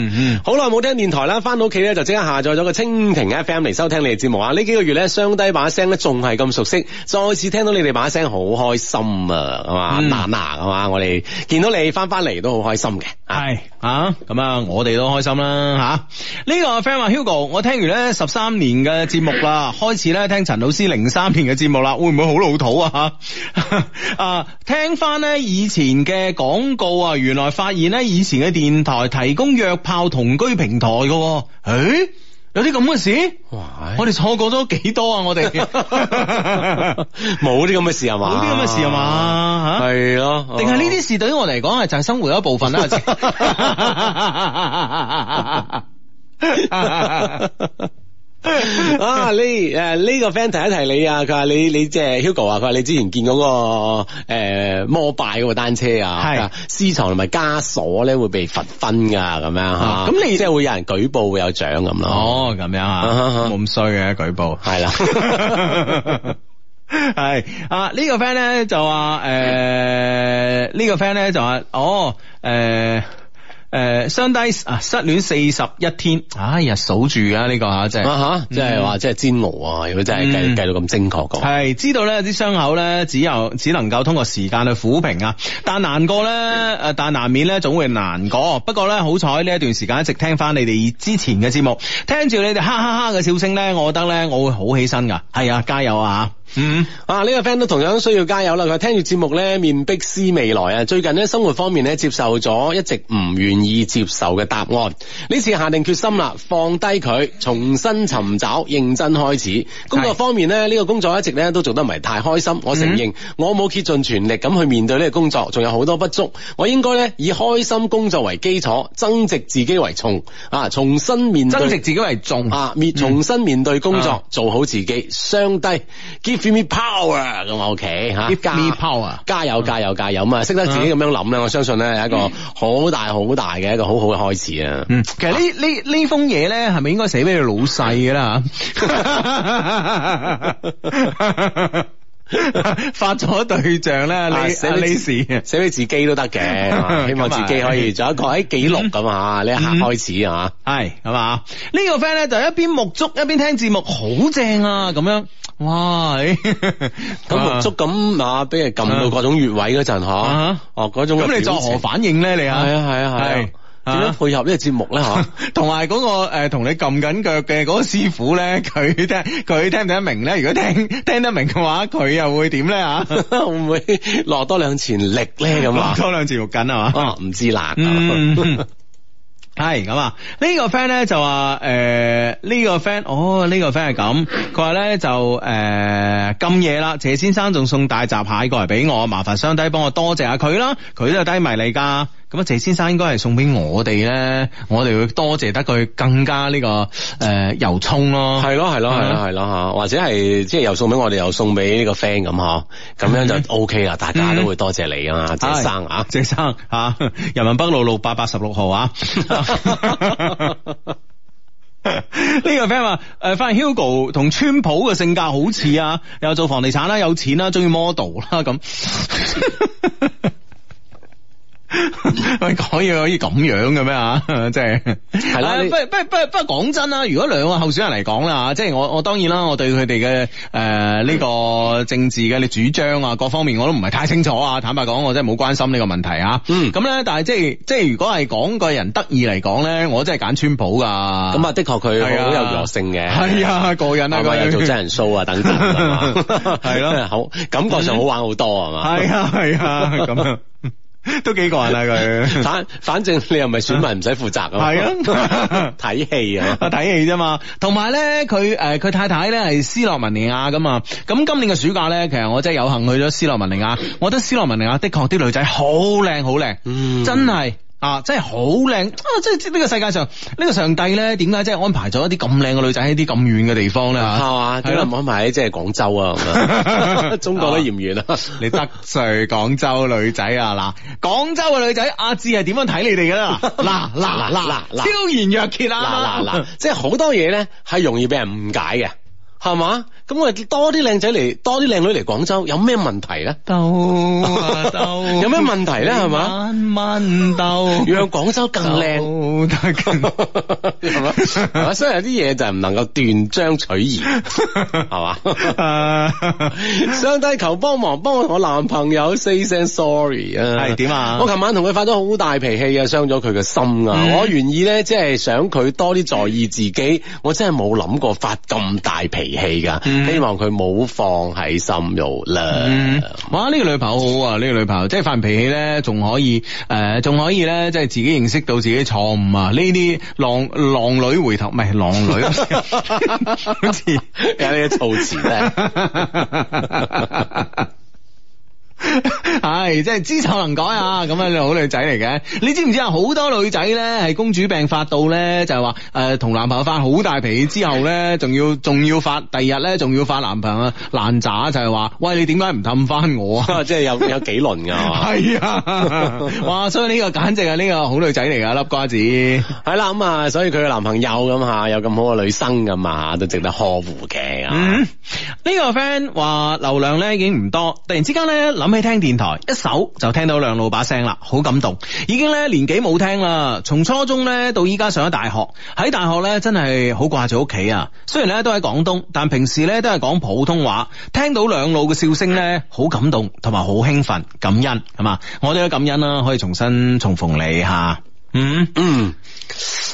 耐冇聽電台啦，翻到屋企咧就即刻下載咗個蜻蜓嘅 FM 嚟收聽你哋節目啊！呢幾個月咧，雙低把聲咧，仲係咁熟悉，再次聽到你哋把聲，好開心啊！係嘛、嗯，難啊、嗯，係嘛，我哋見到你翻翻嚟都好開心嘅，係啊，咁啊，樣我哋都開心啦，吓、啊、呢、這個 friend 話 Hugo，我聽完呢十三年嘅節目啦，開始呢聽陳老師零三年嘅節目啦，會唔會好老土啊？吓啊，聽翻呢以前嘅廣告啊，原來發現呢以前嘅電台提供約炮同居平台嘅、啊，誒、欸。有啲咁嘅事，喂我哋錯過咗幾多啊！我哋冇啲咁嘅事係嘛？冇啲咁嘅事係嘛？係咯，定係呢啲事對於我嚟講係就係生活一部分啦。啊，呢誒呢個 friend 提一提你啊，佢話你你即係 Hugo 話，佢話你之前見嗰、那個誒、呃、摩拜嗰個單車、嗯、啊，係私藏同埋枷鎖咧會被罰分噶咁樣吓，咁你即係會有人舉報會有獎咁咯、哦啊啊啊這個呃這個？哦，咁樣啊冇咁衰嘅舉報，係啦，係啊呢個 friend 咧就話誒呢個 friend 咧就話哦誒。誒、呃，相低啊，失戀四十一天，哎呀，數住噶呢個吓，真係啊吓，即係話，即係煎熬啊，嗯、ino, 如果真係計計到咁精確嘅。係，知道咧啲傷口咧，只有只能夠通過時間去撫平啊。但難過咧，誒、嗯，但難免咧，總會難過。不過咧，好彩呢一段時間一直聽翻你哋之前嘅節目，聽住你哋哈哈哈嘅笑聲咧，我覺得咧，我會好起身噶。係啊，加油啊！嗯，啊呢、呢個 friend 都同樣需要加油啦。佢聽住節目咧，面壁思未來啊。最近咧生活方面咧，接受咗一直唔願意接受嘅答案。呢次下定決心啦，放低佢，重新尋找，認真開始。工作方面咧，呢是個工作一直呢都做得唔係太開心。我承認，嗯、我冇竭盡全力咁去面對呢個工作，仲有好多不足。我應該呢以開心工作為基礎，增值自己為重啊。重新面對增值自己為重啊，重面、嗯、啊，重新重新面對工作，做好自己，雙低 Give me power 咁啊，屋企嚇 Give me power，加油，加油，加油咁啊！識得自己咁樣諗咧，我相信咧係一個好大、好大嘅一個好好嘅開始啊！嗯，其實呢呢呢封嘢咧，係咪應該寫俾你老細嘅啦吓？發咗對象咧，寫李氏，寫俾自己都得嘅，希望自己可以做一個喺記錄咁啊！呢一刻開始啊嘛，係係嘛？呢個 friend 咧就一邊沐足一邊聽節目，好正啊！咁樣。哇！咁木足咁啊，俾人撳到各種穴位嗰陣吓，哦、 啊、種咁你作何反應咧？你啊，係啊係啊係，點、啊、樣配合個節呢、 呢個節目咧？吓、呃，同埋嗰個誒，同你撳緊腳嘅嗰個師傅咧，佢聽佢聽唔聽得明咧？如果聽聽得明嘅話，佢又會點咧？吓 會唔會落多兩錢力咧？咁啊，多兩錢肉緊係嘛？唔知難。 係咁啊！呢個、yes, friend 咧就話，誒，呢個 friend，哦，呢個 friend 係咁，佢話咧就，誒，咁夜啦，謝先生仲送大閘蟹過嚟俾我，麻煩雙低幫我多謝下佢啦，佢都係低迷嚟噶。咁啊，謝先生應該係送俾我哋咧，我哋會多謝得佢更加呢個誒由衷咯。係咯，係咯，係咯，係咯吓，或者係即係又送俾我哋，又送俾呢個 friend 咁嗬，咁樣就 O K 啦，大家都會多謝你啊，謝生啊，謝生啊，人民北路六百八十六號啊。呢 個 friend 話誒，發現 Hugo 同川普嘅性格好似啊，又做房地產啦，有錢啦，中意 mod model 啦、啊、咁。 講嘢 可以咁樣嘅咩？吓， 即係係啦。不不不不過講真啦。如果兩個候選人嚟講啦即係我我當然啦，我對佢哋嘅誒呢個政治嘅你主張啊，各方面我都唔係太清楚啊。坦白講，我真係冇關心呢個問題啊。咁咧，但係即係即係如果係講個人得意嚟講咧，我真係揀川普噶。咁啊，的確佢係好有娛樂性嘅。係啊，過癮啊，做真人 show 等等 啊，等等、啊。係咯，好感覺上好玩好多係嘛。係啊，係啊，咁啊。都幾過癮啦，佢，反 反正你又唔係選民，唔使負責㗎嘛。係啊，睇戲啊睇戲啫嘛，同埋咧佢，誒佢太太咧係斯洛文尼亞噶嘛，咁今年嘅暑假咧其實我真係有幸去咗斯洛文尼亞， 我覺得斯洛文尼亞的確啲女仔好靚好靚，嗯，真係。啊，真係好靚啊！即係呢個世界上，呢個上帝咧，點解即係安排咗一啲咁靚嘅女仔喺啲咁遠嘅地方咧？吓，係嘛？點解唔安排喺即係廣州啊？中國都嫌遠啊！你得罪廣州女仔啊？嗱，廣州嘅女仔阿志係點樣睇你哋嘅啦？嗱嗱嗱嗱嗱，超然若揭啦！嗱嗱，即係好多嘢咧，係容易俾人誤解嘅，係嘛？咁我哋多啲靚仔嚟，多啲靚女嚟廣州，有咩問題咧？鬥鬥，有咩問題咧？係嘛晚？慢慢鬥，讓廣州更靚，更加係嘛？所以 吧 有啲嘢就係唔能夠斷章取義，係嘛 吧？誒， 上帝求幫忙，幫我同我男朋友 say 聲 sorry 啊？係點啊？我琴晚同佢發咗好大脾氣啊，傷咗佢嘅心啊！嗯、我願意咧，即係想佢多啲在意自己，我真係冇諗過發咁大脾氣噶。希望佢冇放喺心度啦、嗯。哇，呢、這個女朋友好啊，呢、這個女朋友即係發脾氣咧，仲可以誒，仲、呃、可以咧，即係自己認識到自己錯誤啊！呢啲浪浪女回頭，唔係浪女，好似有啲措辭。係， 即係知錯能改啊！咁啊，你好女仔嚟嘅，你知唔知啊？好多女仔咧，係公主病發到咧，就係話誒，同、呃、男朋友發好大脾氣之後咧，仲要仲要發，第二日咧仲要發男朋友爛、啊、渣，就係話，喂，你點解唔氹翻我啊？ 即係有有幾輪噶係啊！ 哇，所以呢個簡直係呢個好女仔嚟噶，粒瓜子係啦，咁 啊、 嗯，所以佢嘅男朋友咁吓，有咁好嘅女生咁啊，都值得呵護嘅。啊，呢個 friend 話流量咧已經唔多，突然之間咧諗。未聽電台，一搜就聽到兩老把聲啦，好感動。已經咧年紀冇聽啦，從初中咧到依家上咗大學，喺大學咧真係好掛住屋企啊。雖然咧都喺廣東，但平時咧都係講普通話。聽到兩老嘅笑聲咧，好感動同埋好興奮，感恩係嘛？我哋都感恩啦，可以重新重逢你吓。嗯嗯，mm hmm.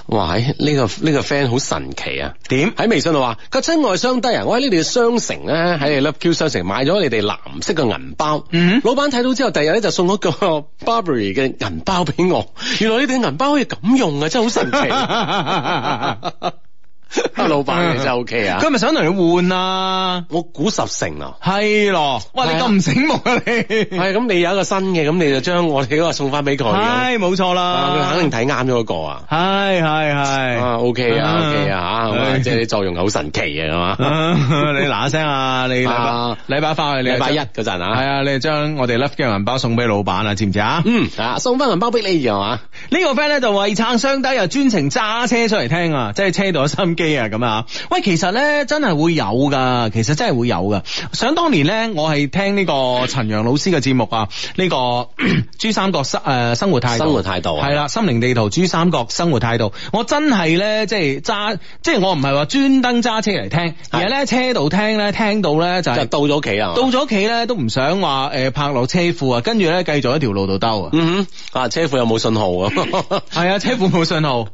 哇呢、這個呢、這個 friend 好神奇啊，點喺微信度話個真外商低人、啊，我喺呢度商城咧喺你 Love Q 商城買咗你哋藍色嘅銀包，嗯、mm，hmm. 老闆睇到之後第二日咧就送咗個 Burberry 嘅銀包俾我，原來你哋銀包可以咁用啊，真係好神奇、啊。 阿老闆，你真 OK 啊？佢咪想同你換啊？我估十成啊！係咯，哇！你咁唔醒目啊！你係咁，你有一個新嘅，咁你就將我哋嗰個送翻俾佢。係，冇錯啦，佢肯定睇啱咗嗰個啊！係係係，OK 啊 OK 啊吓，即係你作用好神奇嘅係嘛？你嗱一聲啊，你禮拜翻去，禮拜一嗰陣啊，係啊，你將我哋 left 嘅銀包送俾老闆啊，知唔知啊？嗯啊，送翻銀包俾你，而係嘛？呢個 friend 咧就為撐雙低，又專程揸車出嚟聽啊，即係車到心。機啊咁啊，喂，其實咧真係會有噶，其實真係會有噶。想當年咧，我係聽呢個陳陽老師嘅節目啊，呢、這個珠三角生誒生活態度，生活態度係啦，了心靈地圖珠三角生活態度。我真係咧，即係揸，即係我唔係話專登揸車嚟聽，的而係咧車度聽咧，聽到咧就是、就到咗屋企啊，到咗屋企咧都唔想話誒泊落車庫啊，跟住咧繼續一條路度兜啊。嗯哼，啊車庫有冇信號， 號 啊？係啊，車庫冇信號，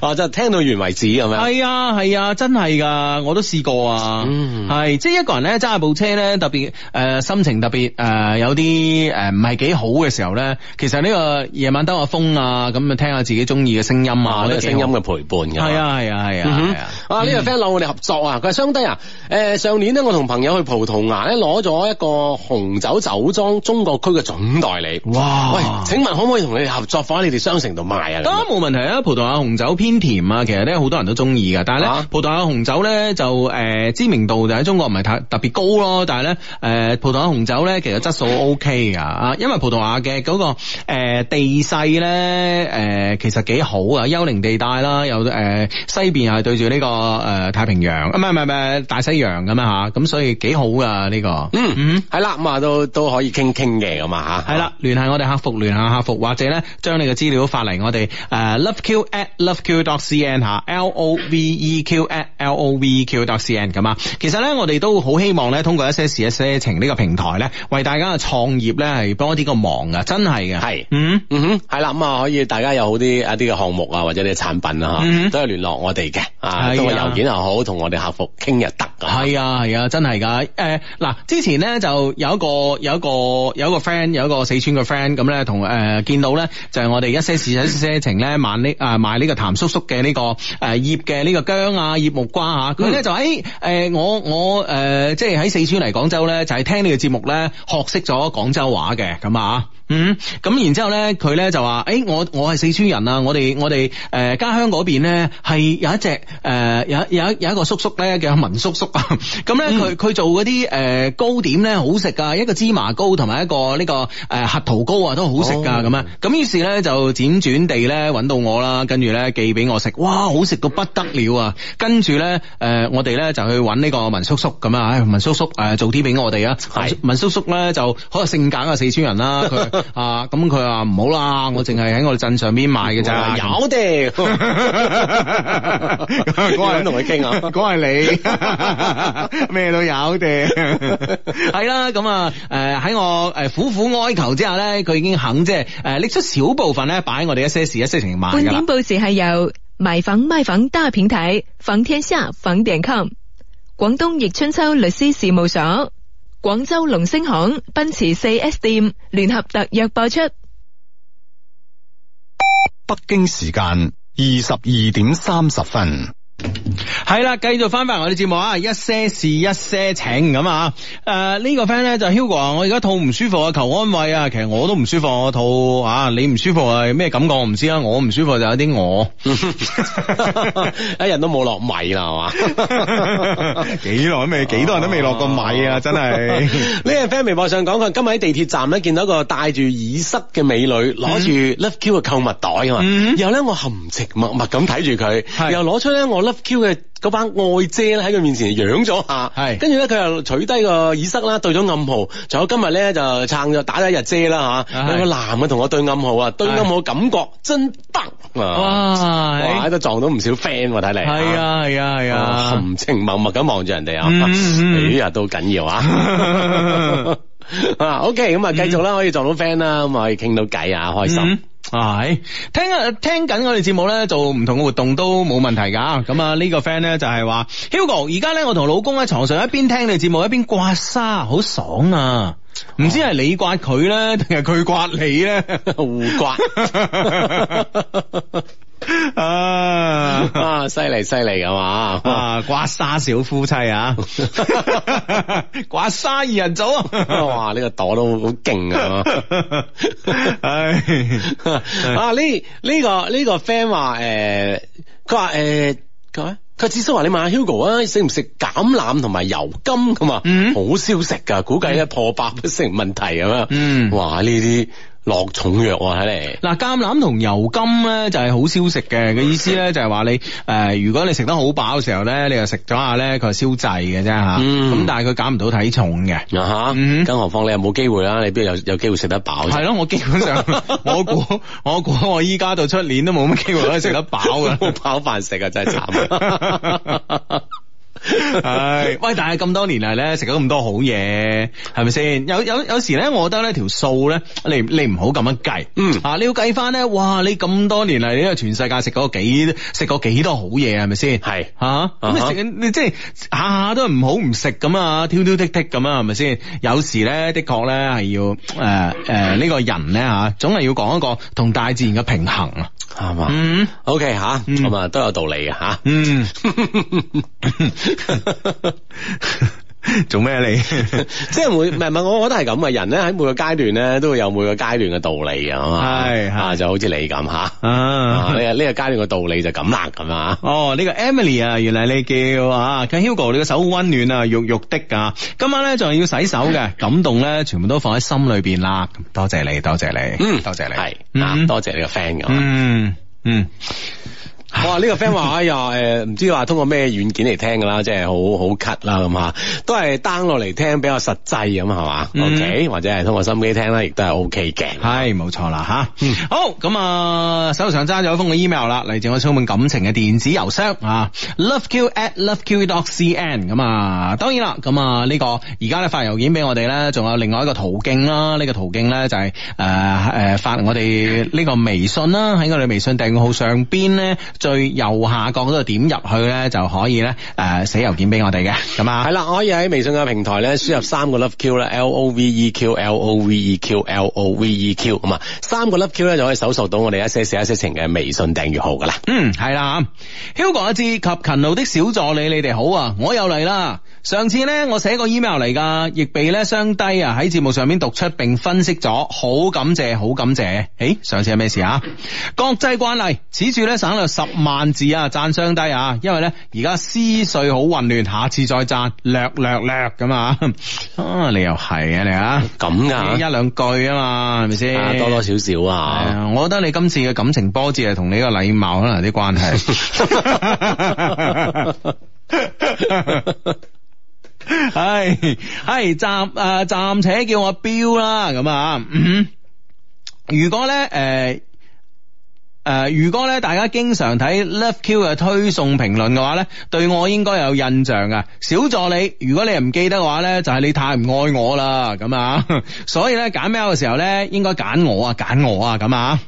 啊就是、聽到完為止咁樣。係啊係啊，真係噶，我都試過啊。係、嗯嗯、即係一個人咧揸下部車咧，特別誒、呃、心情特別誒、呃、有啲誒唔係幾好嘅時候咧，其實呢個夜晚兜下風啊，咁啊聽下自己中意嘅聲音啊，呢個聲音嘅陪伴嘅。係啊係啊係啊，啊呢個 friend 撈我哋合作啊，佢係雙低啊。誒、呃、上年咧我同朋友去葡萄牙咧攞咗一個紅酒酒莊中國區嘅總代理。哇！喂請問可唔可以同你哋合作放喺你哋商城度賣啊？得，冇問題啊。葡萄牙紅酒偏甜啊，其實咧好多人都中意。但係咧、啊、葡萄牙紅酒咧就誒、呃、知名度就喺中國唔係太特別高咯。但係咧誒葡萄牙紅酒咧其實質素 O K 噶，啊，因為葡萄牙嘅嗰個誒、呃、地勢咧誒其實幾好啊，丘陵地帶啦，有呃、邊又誒西邊又係對住呢、這個誒、呃、太平洋，唔係唔係唔係大西洋咁啊吓，咁所以幾好噶呢、這個。嗯嗯，係啦、嗯哼，咁啊都都可以傾傾嘅咁啊吓，係啦，聯繫我哋客服，聯繫客服或者咧將你嘅資料發嚟我哋誒、呃、Love Q at Love Q dot C N 吓，L O。B E Q L O V Q dot C N 咁啊，其實咧我哋都好希望咧，通過一些事一些情呢個平台咧，為大家嘅創業咧係幫一啲個忙啊，真係嘅，係是，mm hmm. 嗯哼，嗯哼，係啦，咁啊可以大家有好啲一啲嘅項目啊，或者啲產品啊、mm hmm. 都係聯絡我哋嘅，啊、哎呀，通過郵件又好，好，同我哋客服傾又得噶，係啊係啊，真係㗎，誒、呃、嗱之前咧就有一個有一個有一個 friend 有一個四川嘅 friend 咁咧，同、呃、誒見到咧就係我哋一些事一些情咧買呢啊買呢個譚叔叔嘅呢個誒業嘅。呢個姜啊，葉木瓜啊，佢咧、嗯、就喺誒、欸、我我誒、呃，即係喺四川嚟廣州咧，就係、是、聽你呢個節目咧，學識咗廣州話嘅，咁啊。嗯，咁然之後咧，佢咧就話，誒，我我係四川人啊，我哋我哋誒家鄉嗰邊咧係有一隻誒、呃、有有有一個叔叔咧叫文叔叔啊，咁咧佢佢做嗰啲誒糕點咧好食啊，一個芝麻糕同埋一個呢個誒核桃糕啊都好食噶，咁啊、哦，咁於是咧就輾轉地咧揾到我啦，跟住咧寄俾我食，哇，好食到不得了啊！跟住咧誒我哋咧就去揾呢個文叔叔咁啊、哎，文叔叔誒做啲俾我哋啊，是文叔叔咧就好有性格啊，四川人啦， 啊，咁佢話唔好啦，我淨係喺我鎮上邊賣嘅咋，有定，講係同佢傾啊，講係你，咩都有定，係啦，咁啊，誒喺我誒苦苦哀求之下咧，佢已經肯即係誒拎出少部分咧，擺喺我哋一些事一些情賣嘅。半點 報時係由買房賣房大平台房天下房點 com 廣東易春秋律師事務所。廣州龍星行奔馳四 S 店聯合特約播出，北京時間二十二點三十分。係啦，繼續返返我哋節目啊，一些事一些情，咁啊。誒、這個，呢個 friend 咧就是、Hugo 啊，我而家肚唔舒服啊，求安慰啊。其實我都唔舒服，我肚啊，你唔舒服係咩感覺我？我唔知啊，我唔舒服就有啲餓，一人都冇落米啦，係嘛？ 幾耐未，幾多人都未落過米啊！真係呢 你 個 friend 微博上講佢今日喺地鐵站咧見到一個戴住耳塞嘅美女，攞住 Love Q 嘅購物袋啊嘛。然後咧我含情脈脈咁睇住佢，又攞 出咧我 FQ 嘅嗰班愛姐咧喺佢面前養咗下，係，跟住咧佢又取低個耳塞啦，對咗暗號，仲有今日咧就撐咗打咗一日遮啦吓，有個男嘅同我對暗號啊，對暗號感覺真得，哇，喺度撞到唔少 friend 喎，睇嚟，係啊係啊係啊，含情脈脈咁望住人哋，哎呀，都緊要啊，啊，OK，咁啊繼續啦，可以撞到 friend 啦，咁可以傾到偈啊，開心。唉，喺、哎、聽啊聽緊我哋節目咧，做唔同嘅活動都冇問題噶。咁啊、這個、呢個 friend 咧就係話，Hugo，而家咧我同老公喺床上一邊聽你哋節目一邊刮痧，好爽啊！唔知係你刮佢咧，定係佢刮你咧，互刮。啊 啊，犀利犀利噶嘛，啊、刮痧小夫妻啊， 刮痧二人組，這個、 啊，哇、這個，呢、呢個朵都好勁啊，唉，啊呢呢個呢個 friend 話誒，佢話誒，佢話至少話你問下 Hugo 啊，食唔食橄欖同埋油柑咁啊。嗯、好少食噶，估計破百不成問題咁樣。嗯、啊，哇呢啲。落重藥啊，睇嚟。嗱、啊，橄欖同油甘咧就係好消食嘅，嘅 意思咧就係話你誒、呃，如果你食得好飽嘅時候咧，你又食咗下咧，佢係消滯嘅啫吓。咁、嗯、但係佢減唔到體重嘅。吓、啊哈，嗯、更何況你又冇機會啦，你邊有有機會食得飽？係咯、嗯，我基本上我估 我估我依家到出年都冇乜機會可以食得飽嘅，冇飽飯食啊，真係慘。 係，喂！但係咁多年嚟咧，食咗咁多好嘢，係咪先？有有有時咧，我覺得呢條數咧，你你唔好咁樣計，嗯啊，你要計翻，咧，哇！你咁多年嚟，你喺全世界食過幾食過幾多好嘢，係咪先？係是啊，咁食你即係下下都唔好唔食咁啊，挑挑剔剔咁啊，係咪先？有時咧，的確咧係要誒誒呢個人咧吓，總係要講一個同大自然嘅平衡啊，係嘛吧？嗯，OK 吓，咁啊都有道理啊。吓，嗯.。 做咩、 啊、你？ 即係每唔係唔係？我覺得係咁啊！人咧喺每個階段咧都會有每個階段嘅道理啊嘛。係 是啊，就好似你咁吓，呢、啊啊這個呢個階段嘅道理就咁啦，咁啊。啊哦，呢、這個 Emily 啊，原來你叫啊，佢 Hugo，你個手好溫暖啊，肉肉的啊。今晚咧仲係要洗手嘅，感動咧全部都放喺心裏邊啦。多謝你，多謝你，謝你嗯多你、啊，多謝你，係多謝你個 friend 咁。嗯嗯。我呢、 哦這個 friend 話哎又誒唔、呃、知話通過咩軟件嚟聽噶啦，即係好好 cut 啦咁啊，都係 download 嚟聽比較實際咁係嘛，ok 或者係通過收音機聽咧，亦都係 ok 嘅。係冇錯啦吓，嗯、好咁啊，手頭上揸咗封嘅 email 啦，嚟自我充滿感情嘅電子郵箱啊，loveq at loveq dot cn 咁啊，當然啦，咁啊呢個而家咧發郵件俾我哋咧，仲有另外一個途徑啦，呢、這個途徑咧就係誒誒發我哋呢個微信啦，喺我哋微信訂閱號上邊咧。最右下角嗰度點入去咧，就可以咧誒寫郵件俾我哋嘅。咁啊係啦，可以喺微信嘅平台咧輸入三個 love q 啦，l o v e q l o v e q l o v e q 咁啊三個 love q 咧就可以搜索到我哋一些事一些情嘅微信訂閱號噶啦。 嗯，係啦，香港阿志及勤勞的小助理，你哋好啊，我又嚟啦。上次咧，我寫個 email 嚟噶，亦被咧雙低啊喺節目上面讀出並分析咗，好感謝，好感謝。誒、欸，上次係咩事啊？ 國際慣例，此處咧省略十萬字啊，讚雙低啊，因為咧而家思緒好混亂，下次再讚略略略咁啊。你又係啊，你啊咁噶？一兩句啊嘛，係咪先？多多少少啊。我覺得你今次嘅感情波折係同你個禮貌可能有啲關係。 係係暫啊暫且叫我彪啦咁啊，嗯，如果咧誒，呃誒、呃，如果咧大家經常睇 LoveQ 嘅推送評論嘅話咧，對我應該有印象噶小助理，如果你唔記得嘅話咧，就係、是、你太唔愛我啦咁啊。所以咧揀 mail 嘅時候咧，應該揀我啊，揀我啊咁啊。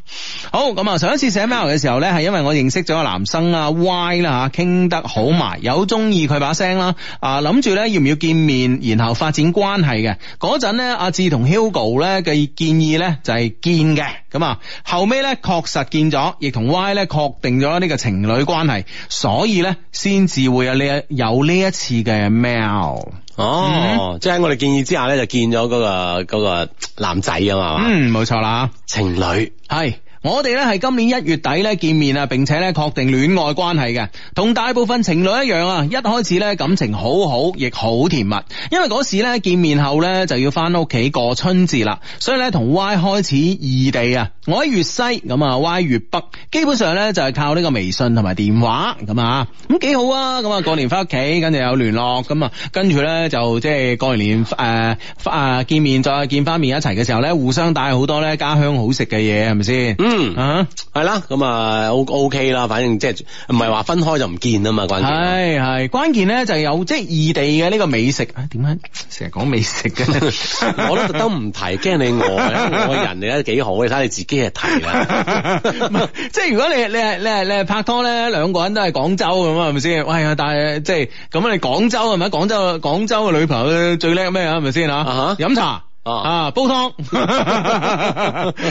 好，咁啊上一次寫 mail 嘅時候咧，係因為我認識咗個男生 y，啊 y 啦吓，傾得好埋，又好中意佢把聲啦。啊，諗住咧要唔要見面，然後發展關係嘅嗰陣咧，阿、啊、志同 Hugo 咧嘅建議咧就係見嘅。咁啊，後尾咧確實見咗。亦同 Y 咧確定咗呢個情侶關係，所以咧先至會有呢有呢一次嘅 mail。哦，嗯、即係我哋建議之下咧，就見咗嗰個嗰個男仔啊嘛。嗯，冇錯啦，情侶係。我哋咧係今年一月底咧見面啊，並且咧確定戀愛關係嘅，同大部分情侶一樣啊，一開始咧感情好好，亦好甜蜜。因為嗰時咧見面後咧就要翻屋企過春節啦，所以咧同 Y 開始異地啊。我喺粵西，咁啊 Y 粵北，基本上咧就係靠呢個微信同埋電話咁啊，咁幾好啊。咁啊過年翻屋企，跟住有聯絡咁啊，跟住咧就即係過年誒，啊、呃、見面再見翻面一齊嘅時候咧，互相帶好多咧家鄉好食嘅嘢，係咪先？嗯。嗯啊，係啦、uh，咁啊 O O K 啦，反正即係唔係話分開就唔見啊嘛，關鍵係係關鍵咧就是、有即係異地嘅呢、這個美食，點解成日講美食嘅？ 我都都唔提，驚你餓。 我人你咧幾好，你睇你自己係提啦。 即係如果你你係你係你係拍拖咧，兩個人都係廣州咁啊，係咪先？喂，但係即係咁你廣州係咪？廣州廣州嘅女朋友最叻咩啊？係咪先啊？啊、uh，飲、huh. 茶。啊煲湯，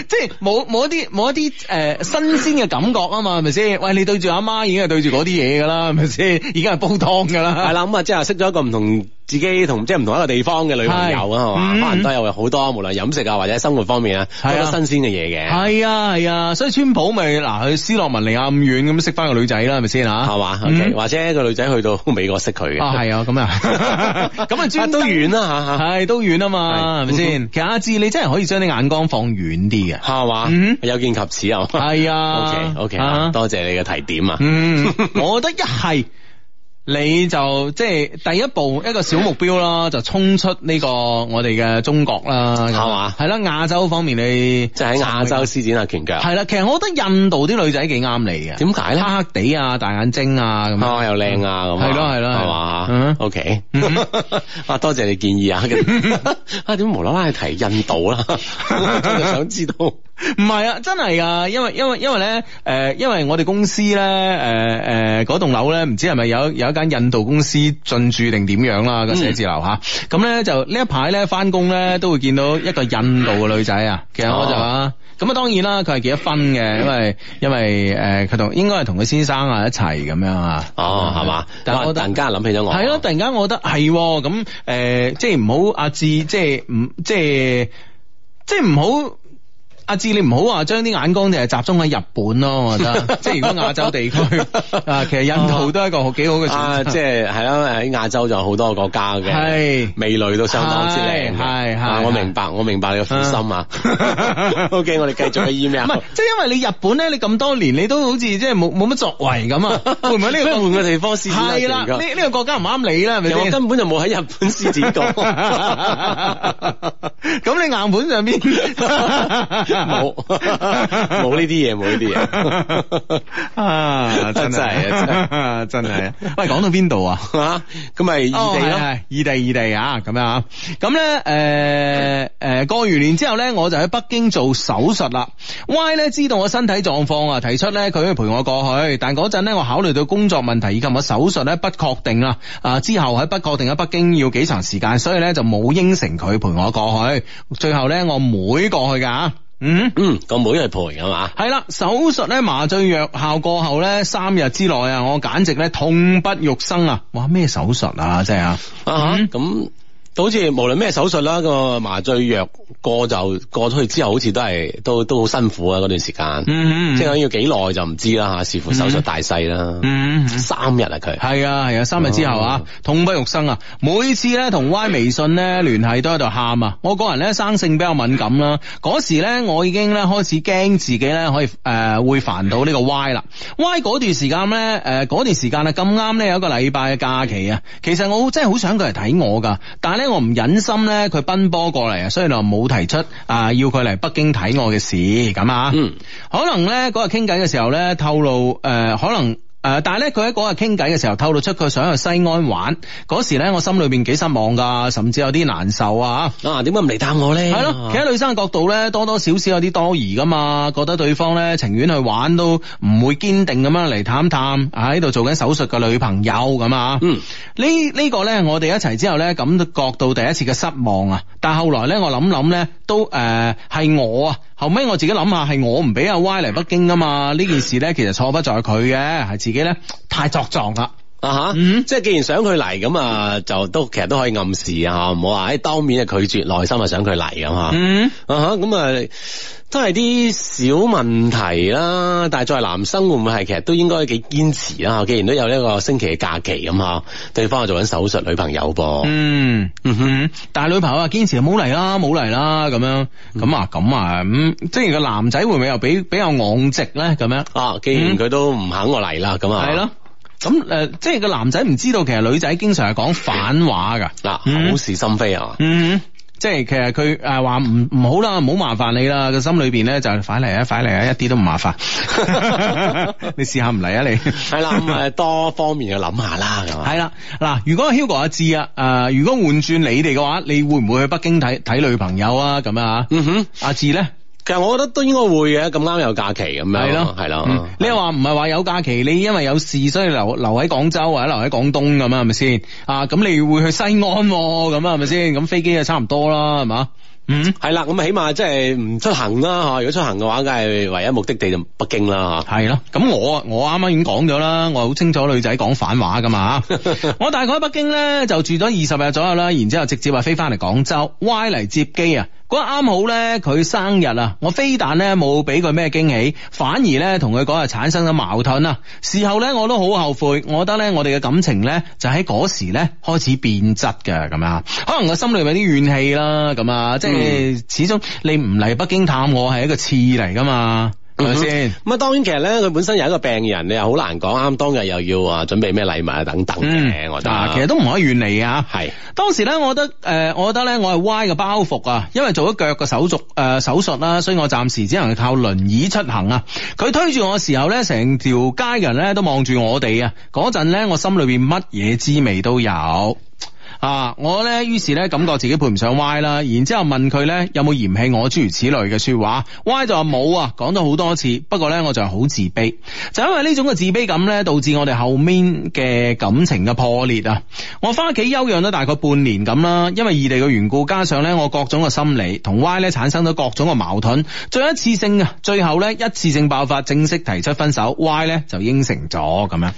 即係冇冇一啲冇一啲誒新鮮嘅感覺啊嘛，係咪先？喂，你對住阿媽已經係對住嗰啲嘢噶啦，係咪先？已經係煲湯噶啦，係啦。咁啊，即係識咗一個唔同自己同即係唔同一個地方嘅女朋友啊，係嘛，咁啊，有好多，無論飲食啊或者生活方面啊，好多新鮮嘅嘢嘅。係啊係啊，所以川普咪嗱，去斯洛文尼亞咁遠咁識翻個女仔啦，係咪先吓？係嘛，或者個女仔去到美國識佢嘅。哦，係啊，咁啊，咁啊，專都遠啦吓吓，係都遠啊嘛，係咪先？其實阿志，你真係可以將啲眼光放遠啲嘅，係嘛哈？嗯，有見及此啊，係啊。OK，OK，多謝你嘅提點啊。 嗯，我覺得一係。你就即係第一步一個小目標啦， 就衝出呢、這個我哋嘅中國啦，係嘛？係 啦，亞對、嗯、洲方面你就喺亞洲施展下拳腳，係啦。 其實我覺得印度啲女仔幾啱你嘅，點解 黑黑地啊，大眼睛啊，咁啊、哦、又靚啊，咁係咯係咯，係嘛吧？嗯、啊、 ，OK，啊多謝你建議 啊，啊點無啦啦去提印度啦， 我就想知道。 唔係啊，真係㗎，因為因為因為咧，誒、呃，因為我哋公司咧，誒、呃、誒，嗰、呃、棟樓咧，唔知係咪有有一間印度公司進駐定點樣啦個寫字樓吓，咁咧就呢一排咧翻工咧都會見到一個印度嘅女仔啊，其實我就話咁啊，當然啦，佢係結咗婚嘅，因為因為誒，佢同應該係同佢先生啊一齊咁樣啊，哦係嘛，但我突然間諗起咗我，係咯、哎呃，突然間我覺得係咁誒，即係唔好壓制，即係唔即係即係唔好。阿志，你唔好話將啲眼光就係集中喺日本咯，我覺得即係如果亞洲地區， 啊，其實印度都係一個好幾好嘅選擇，即係係啦，喺亞、啊、洲就好多國家嘅，係美女都相當之靚，係我明白，我明白你嘅苦心啊。是 OK，我哋繼續去 email。唔係， 即係因為你日本咧，你咁多年，你都好似即係冇冇乜作為咁啊？會唔會呢個，換 個地方先。係啦，呢呢個國家唔啱你啦，係咪先？根本就冇喺日本施展過。咁你硬盤上邊？冇冇呢啲嘢，冇呢啲嘢啊！真真係真真係 喂，講到邊度 啊？咁咪異地咯，異、 哦、地異地啊，咁樣啊？咁、嗯、咧，誒、嗯、誒，過完年之後咧，我就喺北京做手術啦。Y 咧知道我身體狀況啊，提出咧佢要陪我過去，但嗰陣咧，我考慮到工作問題，以及我手術咧不確定啊，啊之後喺不確定喺北京要幾長時間，所以咧就冇應承佢陪我過去。最後咧，我妹過去噶。嗯、mm hmm. 嗯，個妹係陪噶嘛？係啦，手術咧麻醉藥效過後咧三日之內啊，我簡直咧痛不欲生啊！哇，咩手術啊？真係啊咁。啊嗯啊好似無論咩手術啦，個麻醉藥過就過咗去之後好，好似都係都都好辛苦啊！嗰段時間，嗯嗯嗯即係要幾耐就唔知啦吓，視乎手術大細啦。嗯，嗯，嗯、三日啊，佢係啊係啊，三日之後啊，哦、痛不欲生啊！每次咧同 Y 微信咧聯繫都喺度喊啊！我個人咧生性比較敏感啦，嗰時咧我已經咧開始驚自己咧可以誒、呃、會煩到呢個 Y 啦。Y 嗰段時間咧，誒、呃、嗰段時間啊咁啱咧有一個禮拜嘅假期啊，其實我真係好想佢嚟睇我噶，但係咧。因為我唔忍心咧，佢奔波過嚟啊，所以就冇提出啊，要佢嚟北京睇我嘅事咁啊。嗯，可能咧嗰日傾偈嘅時候咧，透露誒，可能。誒，但係咧，佢喺嗰日傾偈嘅時候透露出佢想去西安玩，嗰時咧，我心裏邊幾失望噶，甚至有啲難受啊！啊，點解唔嚟探我咧？係咯，企喺女生角度咧，多多少少有啲多疑噶嘛，覺得對方咧情願去玩都唔會堅定咁樣嚟探探，喺度做緊手術嘅女朋友咁啊！嗯，呢呢、呢個咧，我哋一齊之後咧咁覺到第一次嘅失望啊！但係後來咧，我諗諗咧，都誒係、呃、我啊，後尾我自己諗下係我唔俾阿 Y 嚟北京啊嘛，呢、嗯、件事咧其實錯不在佢嘅，係自自己咧太作狀啦。啊哈，嗯、即係既然想佢嚟，咁啊就都其實都可以暗示啊，唔好話喺當面啊拒絕，內心啊想佢嚟咁啊。嗯，啊咁啊都係啲小問題啦。但係作為男生會唔會係其實都應該幾堅持啊？既然都有呢個星期嘅假期咁啊，對方翻做緊手術女朋友噃、嗯嗯就是。嗯，哼，但係女朋友堅持就冇嚟啦，冇嚟啦咁樣。咁啊，咁啊，咁即係個男仔會唔會又比比較昂直咧？咁樣啊，既然佢都唔肯我嚟啦，咁啊。係咯、嗯。咁誒、呃，即係個男仔唔知道，其實女仔經常係講反話噶，嗱，口是心非啊，嗯，即係其實佢誒話唔唔好啦，唔好麻煩你啦，個心裏邊咧就快嚟啊，快嚟啊，一啲都唔麻煩， 你試下唔嚟啊，你係 啦，咁誒多方面去諗下啦，咁，係啦，嗱，如果 Hugo 阿志啊，誒、呃，如果換轉你哋嘅話，你會唔會去北京睇睇女朋友啊？咁啊，嗯哼， 阿志咧。其實我覺得都應該會嘅，咁啱有假期咁樣。係咯，係啦。你又話唔係話有假期，你因為有事所以留留喺廣州或者留喺廣東咁啊？係咪先？啊，咁你會去西安咁啊？係咪先？咁飛機啊差唔多啦，係嘛？嗯，係啦，咁起碼即係唔出行啦吓。如果出行嘅話，梗係唯一目的地就北京啦吓。係咯，咁我我啱啱已經講咗啦，我好清楚女仔講反話噶嘛 我大概喺北京咧就住咗二十日左右啦，然之後直接話飛翻嚟廣州，歪嚟接機啊。嗰啱好咧，佢生日啊！我非但咧冇俾佢咩驚喜，反而咧同佢講啊，產生咗矛盾啊！事後咧，我都好後悔，我覺得咧，我哋嘅感情咧，就喺嗰時咧開始變質嘅咁樣。可能我心裏有啲怨氣啦，咁啊，即係、嗯、始終你唔嚟北京探我係一個刺嚟噶嘛。係咪先？咁啊、嗯，當然其實咧，佢本身有一個病人，你又好難講啱。當日又要啊，準備咩禮物啊，等等嘅，嗯、我覺得啊，其實都唔可以遠離啊。係是當時咧、呃，我覺得誒，我覺得咧，我係歪嘅包袱啊，因為做咗腳嘅手續誒、呃、手術啦，所以我暫時只能靠輪椅出行啊。佢推住我嘅時候咧，成條街人咧都望住我哋啊。嗰陣咧，我心裏邊乜嘢滋味都有。啊！我呢，於是呢，感覺自己配唔上 Y 啦。然之後問佢呢，有冇嫌棄我諸如此類嘅說話？Y 就話冇啊，講咗好多次。不過呢，我就係好自卑。就因為呢種嘅自卑感呢，導致我哋後面嘅感情嘅破裂啊！我翻屋企休養咗大概半年咁啦，因為異地嘅緣故，加上呢，我各種嘅心理同 Y 呢產生咗各種嘅矛盾，最一次性啊，最後呢，一次性爆發，正式提出分手。Y 呢就應承咗咁樣。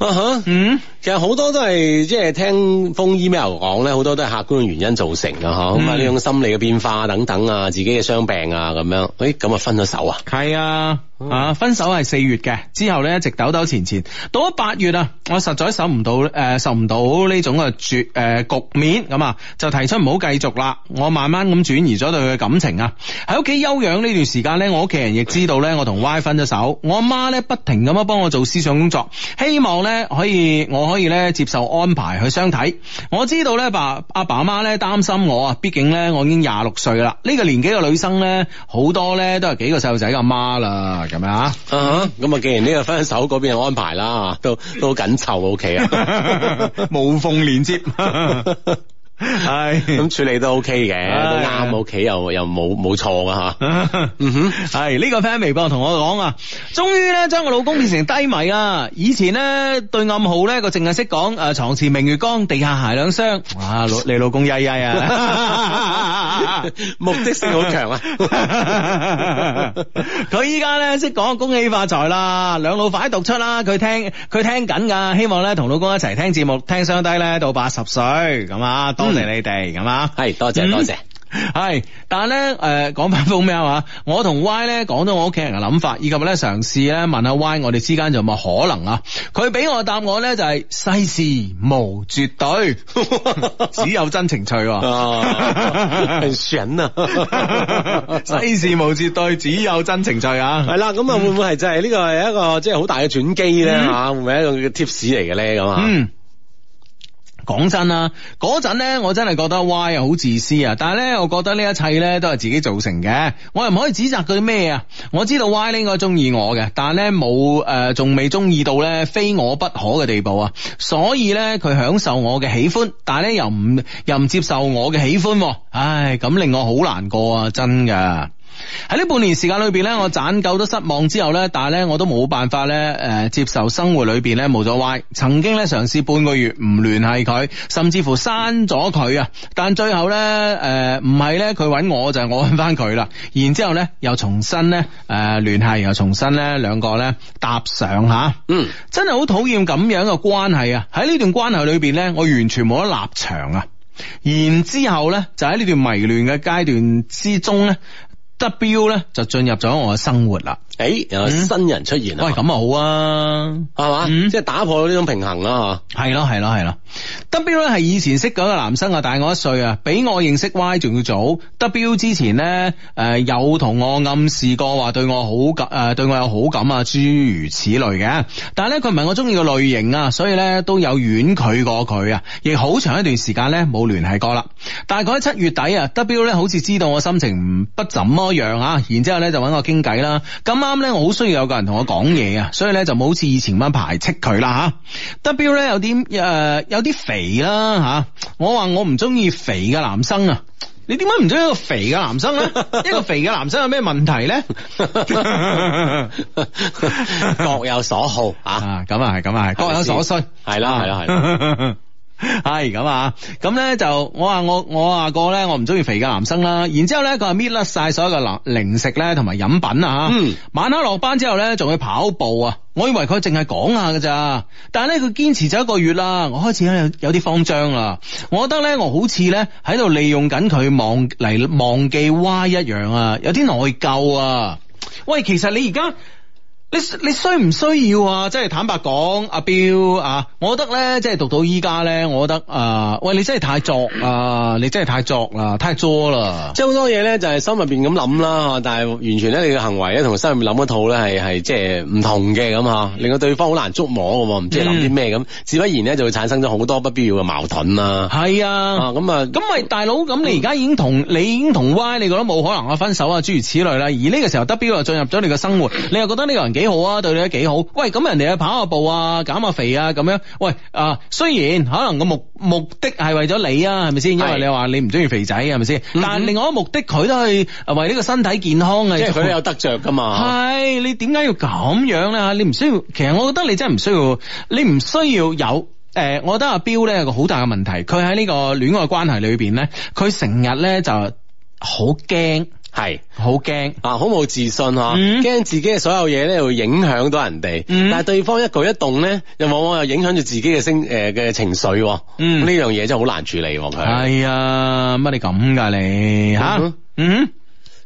啊哈，嗯。其實好多都係即係聽封 email 講咧，好多都係客觀嘅原因造成嘅吓，咁啊呢種心理嘅變化等等啊，自己嘅傷病啊咁、哎、樣就，誒咁啊分咗手啊，係、嗯、啊啊分手係四月嘅，之後咧一直抖抖纏纏，到咗八月啊，我實在受唔到誒受唔到呢種啊絕誒、呃、局面，咁啊就提出唔好繼續啦，我慢慢咁轉移咗對佢嘅感情啊，喺屋企休養呢段時間咧，我屋企人亦知道咧我同 Y 分咗手，我阿媽咧不停咁樣幫我做思想工作，希望咧可以我可以。我可以咧接受安排去相睇，我知道咧爸阿爸媽咧擔心我啊，畢竟咧我已經廿六歲啦，呢個年紀嘅女生咧好多咧都係幾個細路仔嘅媽啦，咁樣啊，咁啊既然呢個分手，嗰邊安排啦，都都好緊湊，O K 啊， 無縫連接。 係咁唉處理唉都 OK 嘅，啱屋企又又冇冇錯噶吓。 嗯、哼，係呢、這個 friend 微博同我講啊，終於咧將個老公變成低迷啊！以前咧對暗號咧佢淨係識講誒，床前明月光，地下鞋兩雙。哇，你老公曳曳啊，目的性好強啊！佢依家咧識講恭喜發財啦，兩老快讀出啦，佢聽佢聽緊噶，希望咧同老公一齊聽節目，聽相低咧到八十歲咁啊當嚟你哋咁啊，係多謝多謝，係 但係咧，誒、呃，講翻風喵啊，我同 Y 咧講咗我屋企人嘅諗法，以及咧嘗試咧問，問下 Y，我哋之間有冇可能啊？佢俾我答案咧就係、是、世事無絕對，只有真情趣，係選啊！世、 啊、 事無絕對，只有真情趣啊！係啦，咁啊會唔會係就係呢個係一個即係好大嘅轉機咧吓？會唔會係一個 tips 嚟嘅咧咁啊？ 嗯講真啦，嗰陣呢，我真係覺得 Y 啊好自私啊，但係咧，我覺得呢一切呢都係自己造成嘅，我又唔可以指責佢咩啊。我知道 Y 應該中意我嘅，但係咧冇誒，仲未中意到呢非我不可嘅地步啊。所以呢，佢享受我嘅喜歡，但係咧又唔又唔接受我嘅喜歡，唉，咁令我好難過啊，真㗎。喺呢半年時間裏邊呢，我攢夠咗失望之後呢。但係呢，我都冇辦法呢，誒接受生活裏邊呢冇咗 Y。曾經呢，嘗試半個月唔聯繫佢，甚至乎刪咗佢啊。但最後呢，誒，唔係呢，佢揾我，就係我搵翻佢啦。然之後咧又重新呢誒聯繫，又重新呢兩個呢搭上吓，嗯，真係好討厭咁樣嘅關係啊。喺呢段關係裏邊呢，我完全冇咗立場啊。然之後咧就喺呢段迷亂嘅階段之中呢。W 咧就進入咗我嘅生活啦。誒，欸，有新人出現，嗯，喂，咁啊好啊，係嘛吧？嗯，即係打破咗呢種平衡啦係咯，係咯，係咯。W 咧係以前識個男生啊，大我一歲啊，比我認識 Y 仲要早。嗯，w 之前咧，誒有同我暗示過話對我好感，誒，呃，對我有好感啊，諸如此類嘅。但係咧，佢唔係我中意嘅類型啊，所以咧都有婉拒過佢啊。亦好長一段時間咧冇聯繫過啦。大概七月底啊，W 咧好似知道我心情唔不怎麼樣啊，然之後咧就揾我傾偈啦。咁啊～啱咧，好我好需要有個人同我講嘢啊，所以咧就冇好似以前咁排斥佢啦吓。W 咧有啲誒，有啲、呃、肥啦吓、啊。我話我唔中意肥嘅男生啊，你點解唔中意一個肥嘅男生咧？ 一個肥嘅男生有咩問題咧、 啊啊？各有所好啊，咁啊係，咁啊各有所需係啦，係啦，係。係咁啊，咁咧就我話我我話過咧，我唔中意肥嘅男生啦。然之後咧，佢係搣甩晒所有嘅零零食咧，同埋飲品啊嗯。晚黑落班之後咧，仲去跑步啊。我以為佢淨係講下㗎咋，但係咧佢堅持咗一個月啦。我開始咧有啲慌張啦，我覺得咧我好似咧喺度利用緊佢忘嚟忘記 Why 一樣啊，有啲內疚啊。喂，其實你而家。你你需唔需要啊？即係坦白講，阿彪啊，我覺得咧，即係讀到依家咧，我覺得啊，喂，你真係太作啊！你真係太作啦，太作啦！即係好多嘢咧，就係心入邊咁諗啦，但係完全咧，你嘅行為咧，同心入邊諗一套咧，係係即係唔同嘅咁啊，令到對方好難捉摸嘅，唔知係諗啲咩咁，自不然咧就會產生咗好多不必要嘅矛盾啦。係啊，咁啊，咁咪大佬咁，你而家已經同你已經同 Y，你覺得冇可能啊分手啊？諸如此類啦。而呢個時候 W 又進入咗你嘅生活，你又覺得呢個人幾好啊，對你都幾好。喂，咁人哋去跑下步啊，減下肥啊，咁樣。喂，啊、呃，雖然可能個目目的係為咗你啊，係咪先？是因為你話你唔中意肥仔，係咪先？嗯、但另外一個目的，佢都係為呢個身體健康啊。即係佢有得着噶嘛。係，你點解要咁樣咧？你唔需要。其實我覺得你真係唔需要，你唔需要有誒、呃。我覺得阿彪咧有個好大嘅問題，佢喺呢個戀愛關係裏邊咧，佢成日咧就好驚。係好驚啊，好冇自信嗬，驚、嗯、自己嘅所有嘢咧會影響到人哋，嗯、但係對方一舉一動咧，又往往又影響住自己嘅聲誒嘅情緒，嗯呢樣嘢真係好難處理，係、哎、啊乜你咁㗎你吓嗯。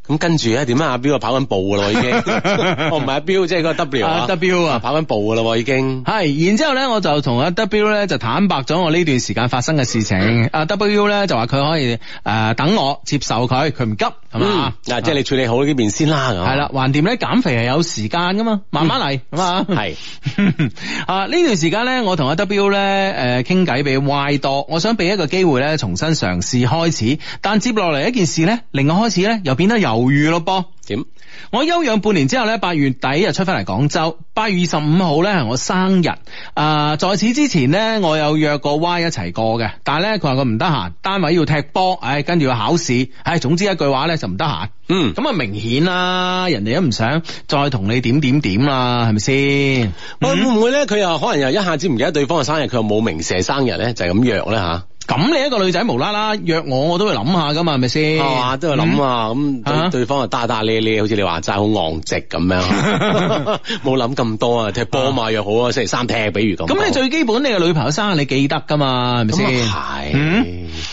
咁跟住咧，點啊？阿彪啊，跑緊步噶啦，已經。我唔係阿彪，即係嗰個 W 啊，W 啊，跑緊步噶啦，已經。係，然之後咧，我就同阿 W 咧就坦白咗我呢段時間發生嘅事情。阿 W 咧就話佢可以誒等我接受佢，佢唔急，係嘛？嗱，即係你處理好呢邊先啦。咁係啦，橫掂咧，減肥係有時間噶嘛，慢慢嚟，係嘛？係。啊，呢段時間咧，我同阿 W 咧誒傾偈俾 Y 多，我想俾一個機會咧，重新嘗試開始。但接落嚟一件事咧，令我開始咧，又變得有，猶豫咯，噃行，點？我休養半年之後咧，八月底就出翻嚟廣州。八月二十五號咧，係我生日。啊、呃，在此之前咧，我有約過 Y 一齊過嘅，但係咧，佢話佢唔得閒，單位要踢波，唉、哎，跟住要考試，唉、哎，總之一句話咧，就唔得閒。嗯，咁啊，明顯啦，人哋都唔想再同你點點點啦，係咪先？嗯、會唔會咧？佢又可能又一下子唔記得對方嘅生日，佢又冇明寫生日咧，就係咁約咧吓？咁你一個女仔無啦啦約我，我都會諗下噶嘛，係咪先？係都會諗啊。咁、啊嗯、對方啊，大大咧咧，好似你話齋好昂直咁樣，冇諗咁多啊。踢波嘛又好啊，星期三踢，比如咁。咁你最基本，你嘅女朋友生日你記得噶嘛，係咪先？咁係，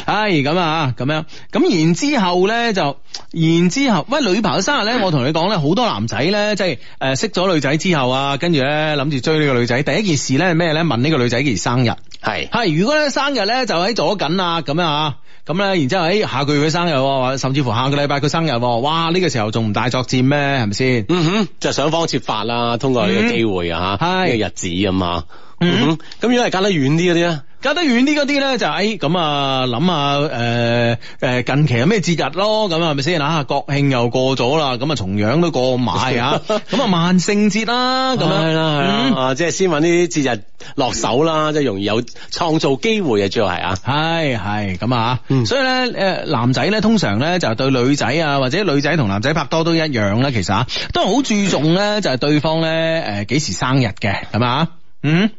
唉，咁啊，咁樣。咁然之後咧，就，然之後，喂，女朋友生日咧，我同你講咧，好、嗯、多男仔咧，即係，誒，識咗女仔之後啊，跟住咧諗住追呢個女仔，第一件事咧咩咧？問呢個女仔幾時生日？係係，如果咧生日咧就喺咗緊啦，咁樣啊，咁咧，然之後誒、哎、下個月嘅生日，甚至乎下個禮拜佢生日，哇呢、呢個時候仲唔大作戰咩？係咪先？嗯哼，就想方設法啦，通過呢個機會啊，吓呢個日子咁啊，嗯哼，咁如果係隔得遠啲嗰啲咧？隔得遠啲嗰啲咧，就係咁啊，諗下誒誒，近期有咩節日咯，咁係咪先啊？國慶又過咗啦，咁啊，重陽都過埋啊。咁啊萬聖節啦咁樣係啦係啊即係先揾啲節日落手啦，即係容易有創造機會啊，主要係啊係係，咁啊，所以咧誒、呃、男仔咧，通常咧就對女仔啊或者女仔同男仔拍拖都一樣啦，其實啊都係好注重咧，就係對方咧，誒幾時生日嘅，係嘛嗯。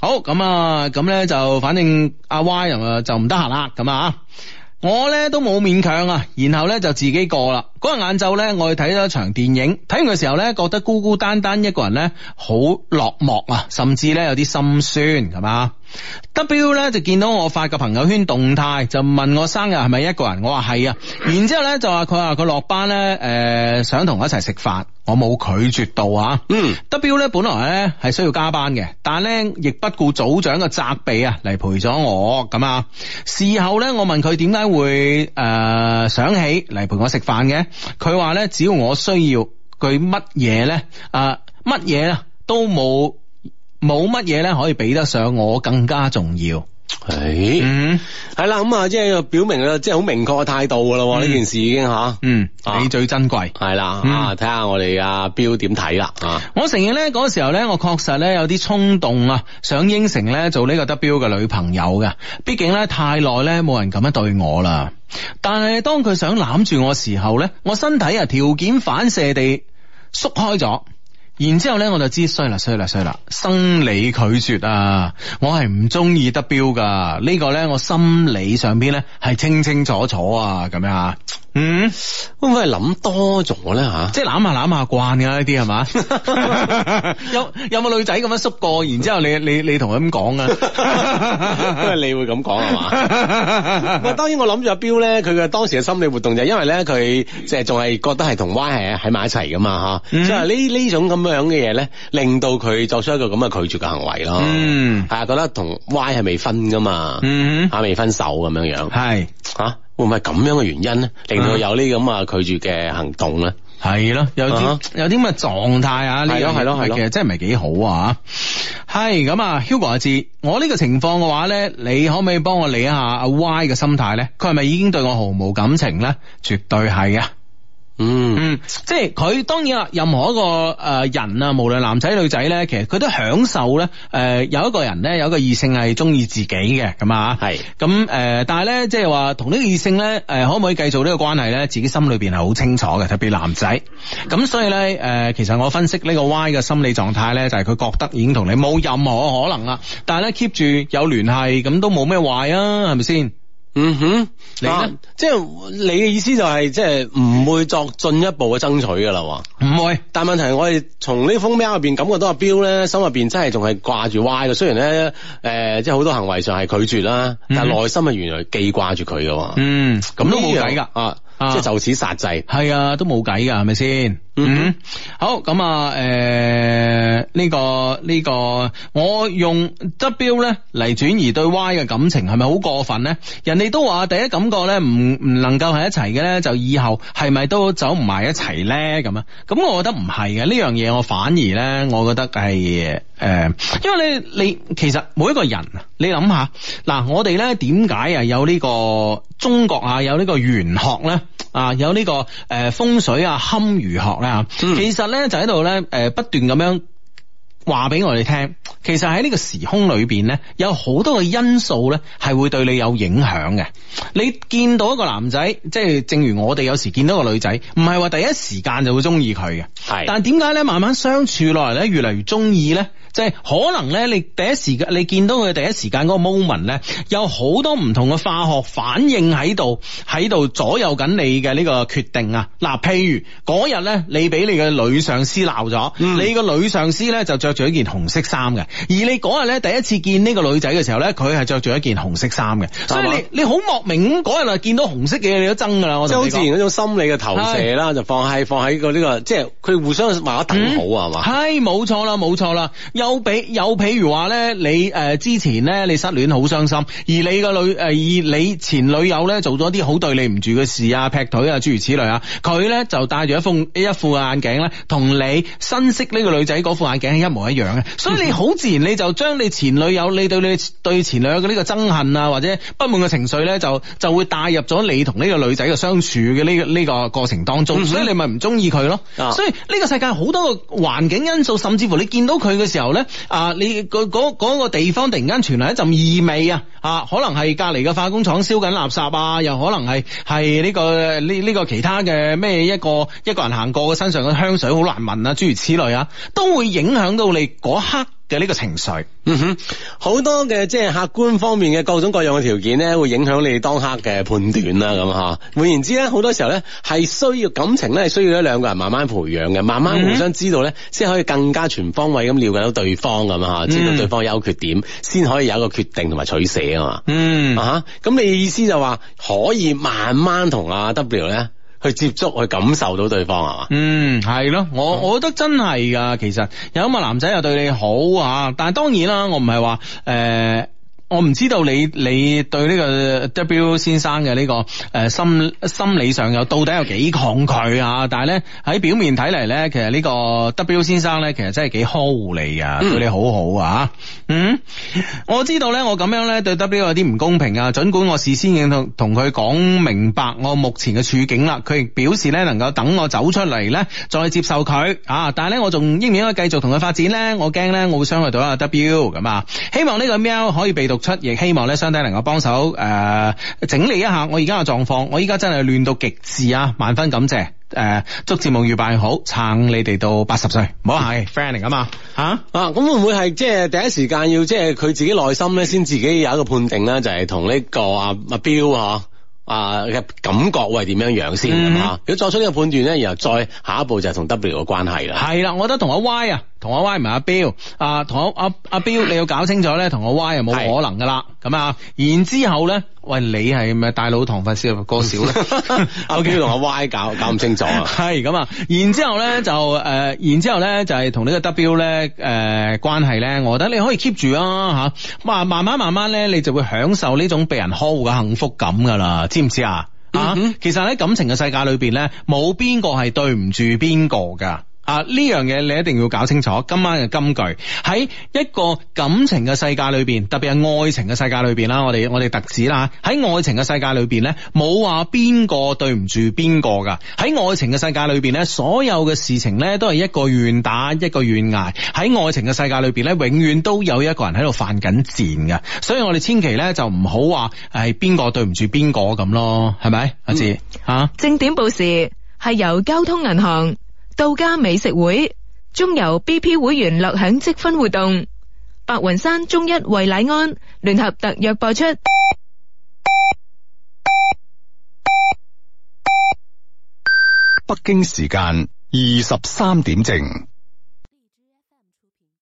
好咁啊，咁呢就反正阿 Y 就就唔得閒啦，咁啊，我呢都冇勉強啊，然後呢就自己過啦。嗰日晏晝呢，我去睇咗一場電影，睇完嘅時候呢，覺得孤孤單單一個人呢，好落寞啊，甚至呢有啲心酸，係嘛？啊，W 呢就見到我發個朋友圈動態，就問我生日係咪一個人，我話係啊，然之後呢，就話佢話佢落班呢，誒、呃、想同我一齊食飯。我冇拒絕到啊，嗯，W 咧本來咧係需要加班嘅，但係咧亦不顧組長嘅責備啊，嚟陪咗我咁啊。事後咧我問佢點解會誒、呃、想起嚟陪我食飯嘅，佢話咧只要我需要，佢乜嘢咧啊乜嘢都冇冇乜嘢咧可以比得上我更加重要。誒，係啦唉，咁啊、嗯，即係表明啦，即係好明確嘅態度噶啦，呢件事已經吓，嗯，你最珍貴，係啦、嗯，啊，睇下我哋阿彪點睇啦，啊，我承認咧，嗰、那個、時候咧，我確實咧有啲衝動啊，想應承咧做呢個 double 嘅女朋友嘅，畢竟咧太耐咧冇人咁樣對我啦，但係當佢想攬住我時候咧，我身體啊條件反射地縮開咗。然之後咧，我就知衰啦，衰啦，衰啦，生理拒絕啊！我係唔中意得標噶，呢個咧，我心理上邊咧係清清楚楚啊，咁樣啊。嗯，會唔會係諗多咗咧吓？即係諗下諗下慣噶呢啲係嘛？有有冇女仔咁樣縮過？然之後你你你同佢咁講啊？因為 你會咁講係嘛？我當然我諗住阿標咧，佢嘅當時嘅心理活動就係因為咧佢即係仲係覺得係同 Y 係喺埋一齊噶嘛吓，即係呢呢種咁樣嘅嘢咧，令到佢作出一個咁嘅拒絕嘅行為咯。嗯，係啊覺得同 Y 係未分噶嘛？嗯哼，未分手咁樣樣係吓。 會唔係咁樣嘅原因咧，令到佢有呢咁啊拒絕嘅行動咧？係咯，有啲有啲乜狀態啊？呢咯係咯，係其實真係唔係幾好啊！係咁啊，Hugo 阿志，我呢個情況嘅話咧，你可唔可以幫我理一下阿 Y 嘅心態咧？佢係咪已經對我毫無感情咧？絕對係啊！嗯，即係佢當然啦，任何一個誒、呃、人啊，無論男仔女仔咧，其實佢都享受咧，誒、呃、有一個人咧，有一個異性係中意自己嘅，咁啊係，咁誒是、嗯呃，但係咧即係話同呢個異性咧，誒、呃、可唔可以繼續呢個關係咧？自己心裏邊係好清楚嘅，特別男仔，咁、嗯、所以咧，誒、呃、其實我分析呢個 Y 嘅心理狀態咧，就係、是、佢覺得已經同你冇任何可能啦，但係咧 keep 住有聯繫咁都冇咩壞啊，係咪先？嗯哼，你咧呢、啊，即係你嘅意思就係、是、即係唔會作進一步嘅爭取噶啦，唔會、嗯。但問題我哋從呢封 mail 入邊感覺到阿彪咧心入邊真係仲係掛住 Y 嘅，雖然咧誒、呃、即係好多行為上係拒絕啦，但係內心啊原來記掛住佢噶。嗯，咁都冇計噶，啊，即係就此殺制，係啊，啊，都冇計噶，係咪先？嗯，好，咁啊，誒、呃，呢、這個呢、這個，我用 W 咧嚟轉移對 Y 嘅感情，係咪好過分咧？人哋都話第一感覺咧，唔唔能夠喺一齊嘅咧，就以後係咪都走唔埋一齊咧？咁啊，咁我覺得唔係嘅，呢樣嘢我反而咧，我覺得係誒、呃，因為你你其實每一個人，啊你諗下，嗱，我哋咧點解啊有呢個中國啊有呢個玄學咧啊，有呢個誒風水啊堪輿學、啊。啊、嗯，其實咧就喺度咧，誒，不斷咁樣話俾我哋聽，其實喺呢個時空裏邊咧，有好多嘅因素咧，係會對你有影響嘅。你見到一個男仔，即係正如我哋有時見到個女仔，唔係話第一時間就會中意佢嘅，係是。但係點解咧，慢慢相處落嚟咧，越嚟越中意咧？即係可能咧，你第一時間你見到佢第一時間嗰個 moment 咧，有好多唔同嘅化學反應喺度，喺度左右緊你嘅呢個決定啊。嗱，譬如嗰日咧，你俾你嘅女上司鬧咗，嗯、你個女上司咧就着住一件紅色衫嘅，而你嗰日咧第一次見呢個女仔嘅時候咧，佢係着住一件紅色衫嘅，實所以你你好莫名嗰日啊見到紅色嘅嘢，你都憎噶啦，我就好自然嗰種心理嘅投射啦是、這個，就放喺放喺個呢個，即係佢互相矛等好啊嘛，係冇錯啦，冇錯啦。有比有，譬如話咧，你誒、呃、之前咧，你失戀好傷心，而你個女誒，以、呃、你前女友咧做咗啲好對你唔住嘅事啊，劈腿啊，諸如此類啊，佢咧就戴住一副一副眼鏡咧，同你新識呢個女仔副眼鏡係一模一樣嘅，所以你好自然你就將你前女友你對你對前女友嘅呢個憎恨啊或者不滿嘅情緒咧，就就會帶入咗你同呢個女仔嘅相處嘅呢個呢個過程當中，所以你咪唔中意佢咯。所以呢個世界好多嘅環境因素，甚至乎你見到佢嘅時候。咧啊！你嗰嗰、嗰個地方突然間傳嚟一陣異味啊啊！可能係隔籬嘅化工廠燒緊垃圾啊，又可能係係呢個呢呢、呢個其他嘅咩一個一個人行過嘅身上嘅香水好難聞啊，諸如此類啊，都會影響到你嗰刻。嘅呢個情緒，嗯哼，好多嘅即係客觀方面嘅各種各樣嘅條件咧，會影響你當刻嘅判斷啦，咁嗬、嗯。換言之咧，好多時候咧係需要感情咧，係需要一兩個人慢慢培養嘅，慢慢互相知道咧，先、嗯、可以更加全方位咁了解到對方咁嗬，嗯、知道對方嘅優缺點，先可以有一個決定同埋取捨、嗯、啊嘛。嗯啊，咁你意思就話、是、可以慢慢同阿 W 咧？去接觸，去感受到對方啊嘛。嗯係咯，我我覺得真係噶，其實有咁啊男仔又對你好啊，但係當然啦，我唔係話誒。呃我唔知道你你對呢個 W 先生嘅呢、呢個誒、呃、心心理上有到底有幾抗拒啊？但係咧喺表面睇嚟，咧其實呢個 W 先生咧，其實真係幾呵護你啊，嗯、對你好好啊。嗯，我知道咧，我咁樣咧對 W 有啲唔公平啊。盡管我事先已經同同佢講明白我目前嘅處境啦、啊，佢亦表示咧能夠等我走出嚟咧再接受佢啊。但係咧我仲應唔應該繼續同佢發展咧？我驚咧我會傷害到阿 W 咁啊。希望呢個喵可以被讀。出亦希望咧，兄弟能夠幫手誒整理一下我而家嘅狀況。我依家真係亂到極致！啊！萬分感謝誒、呃，祝節目愈辦愈好，撐你哋到八十歲，唔好客氣，friend 嚟㗎嘛吓啊！咁、啊、會唔會係即係第一時間要即係佢自己內心咧，先自己有一個判定咧，就係同呢個阿彪標啊嘅、啊啊、感覺會點樣樣先係嘛？佢作、嗯啊、出呢個判斷咧，然後再下一步就係同 W 嘅關係啦。係啦，我覺得同阿 Y 啊。同阿 Y 唔係阿彪，啊，阿同阿阿彪，你要搞清楚咧，同 阿 Y 又冇可能噶啦。咁是啊，然之後咧，喂，你係咪大佬唐佛師哥少啦？阿 K 同阿 Y 搞搞唔清楚啊？係咁啊，然之後咧就誒、呃，然之後咧就係同呢個 W 咧誒、呃、關係咧，我覺得你可以 keep 住啊吓、啊，慢慢慢慢慢咧，你就會享受呢種被人呵護嘅幸福感噶啦，知唔知啊？啊、嗯哼， 其實喺感情嘅世界裏邊咧，冇邊個係對唔住邊個噶。啊！呢樣嘢你一定要搞清楚。今晚嘅金句喺一個感情嘅世界裏邊，特別係愛情嘅世界裏邊啦。我哋我哋特指啦，喺愛情嘅世界裏邊呢，冇話邊個對唔住邊個噶。喺愛情嘅世界裏邊呢，所有嘅事情呢，都係一個願打一個願捱。喺愛情嘅世界裏邊呢，永遠都有一個人喺度犯緊賤嘅。所以我哋千祈呢，就唔好話係邊個對唔住邊個咁咯，係咪阿志吓？啊、正點報時係由交通銀行。到家美食會中油 BP 會員樂享積分活動，白雲山中一惠禮安聯合特約播出。北京時間二十三點正。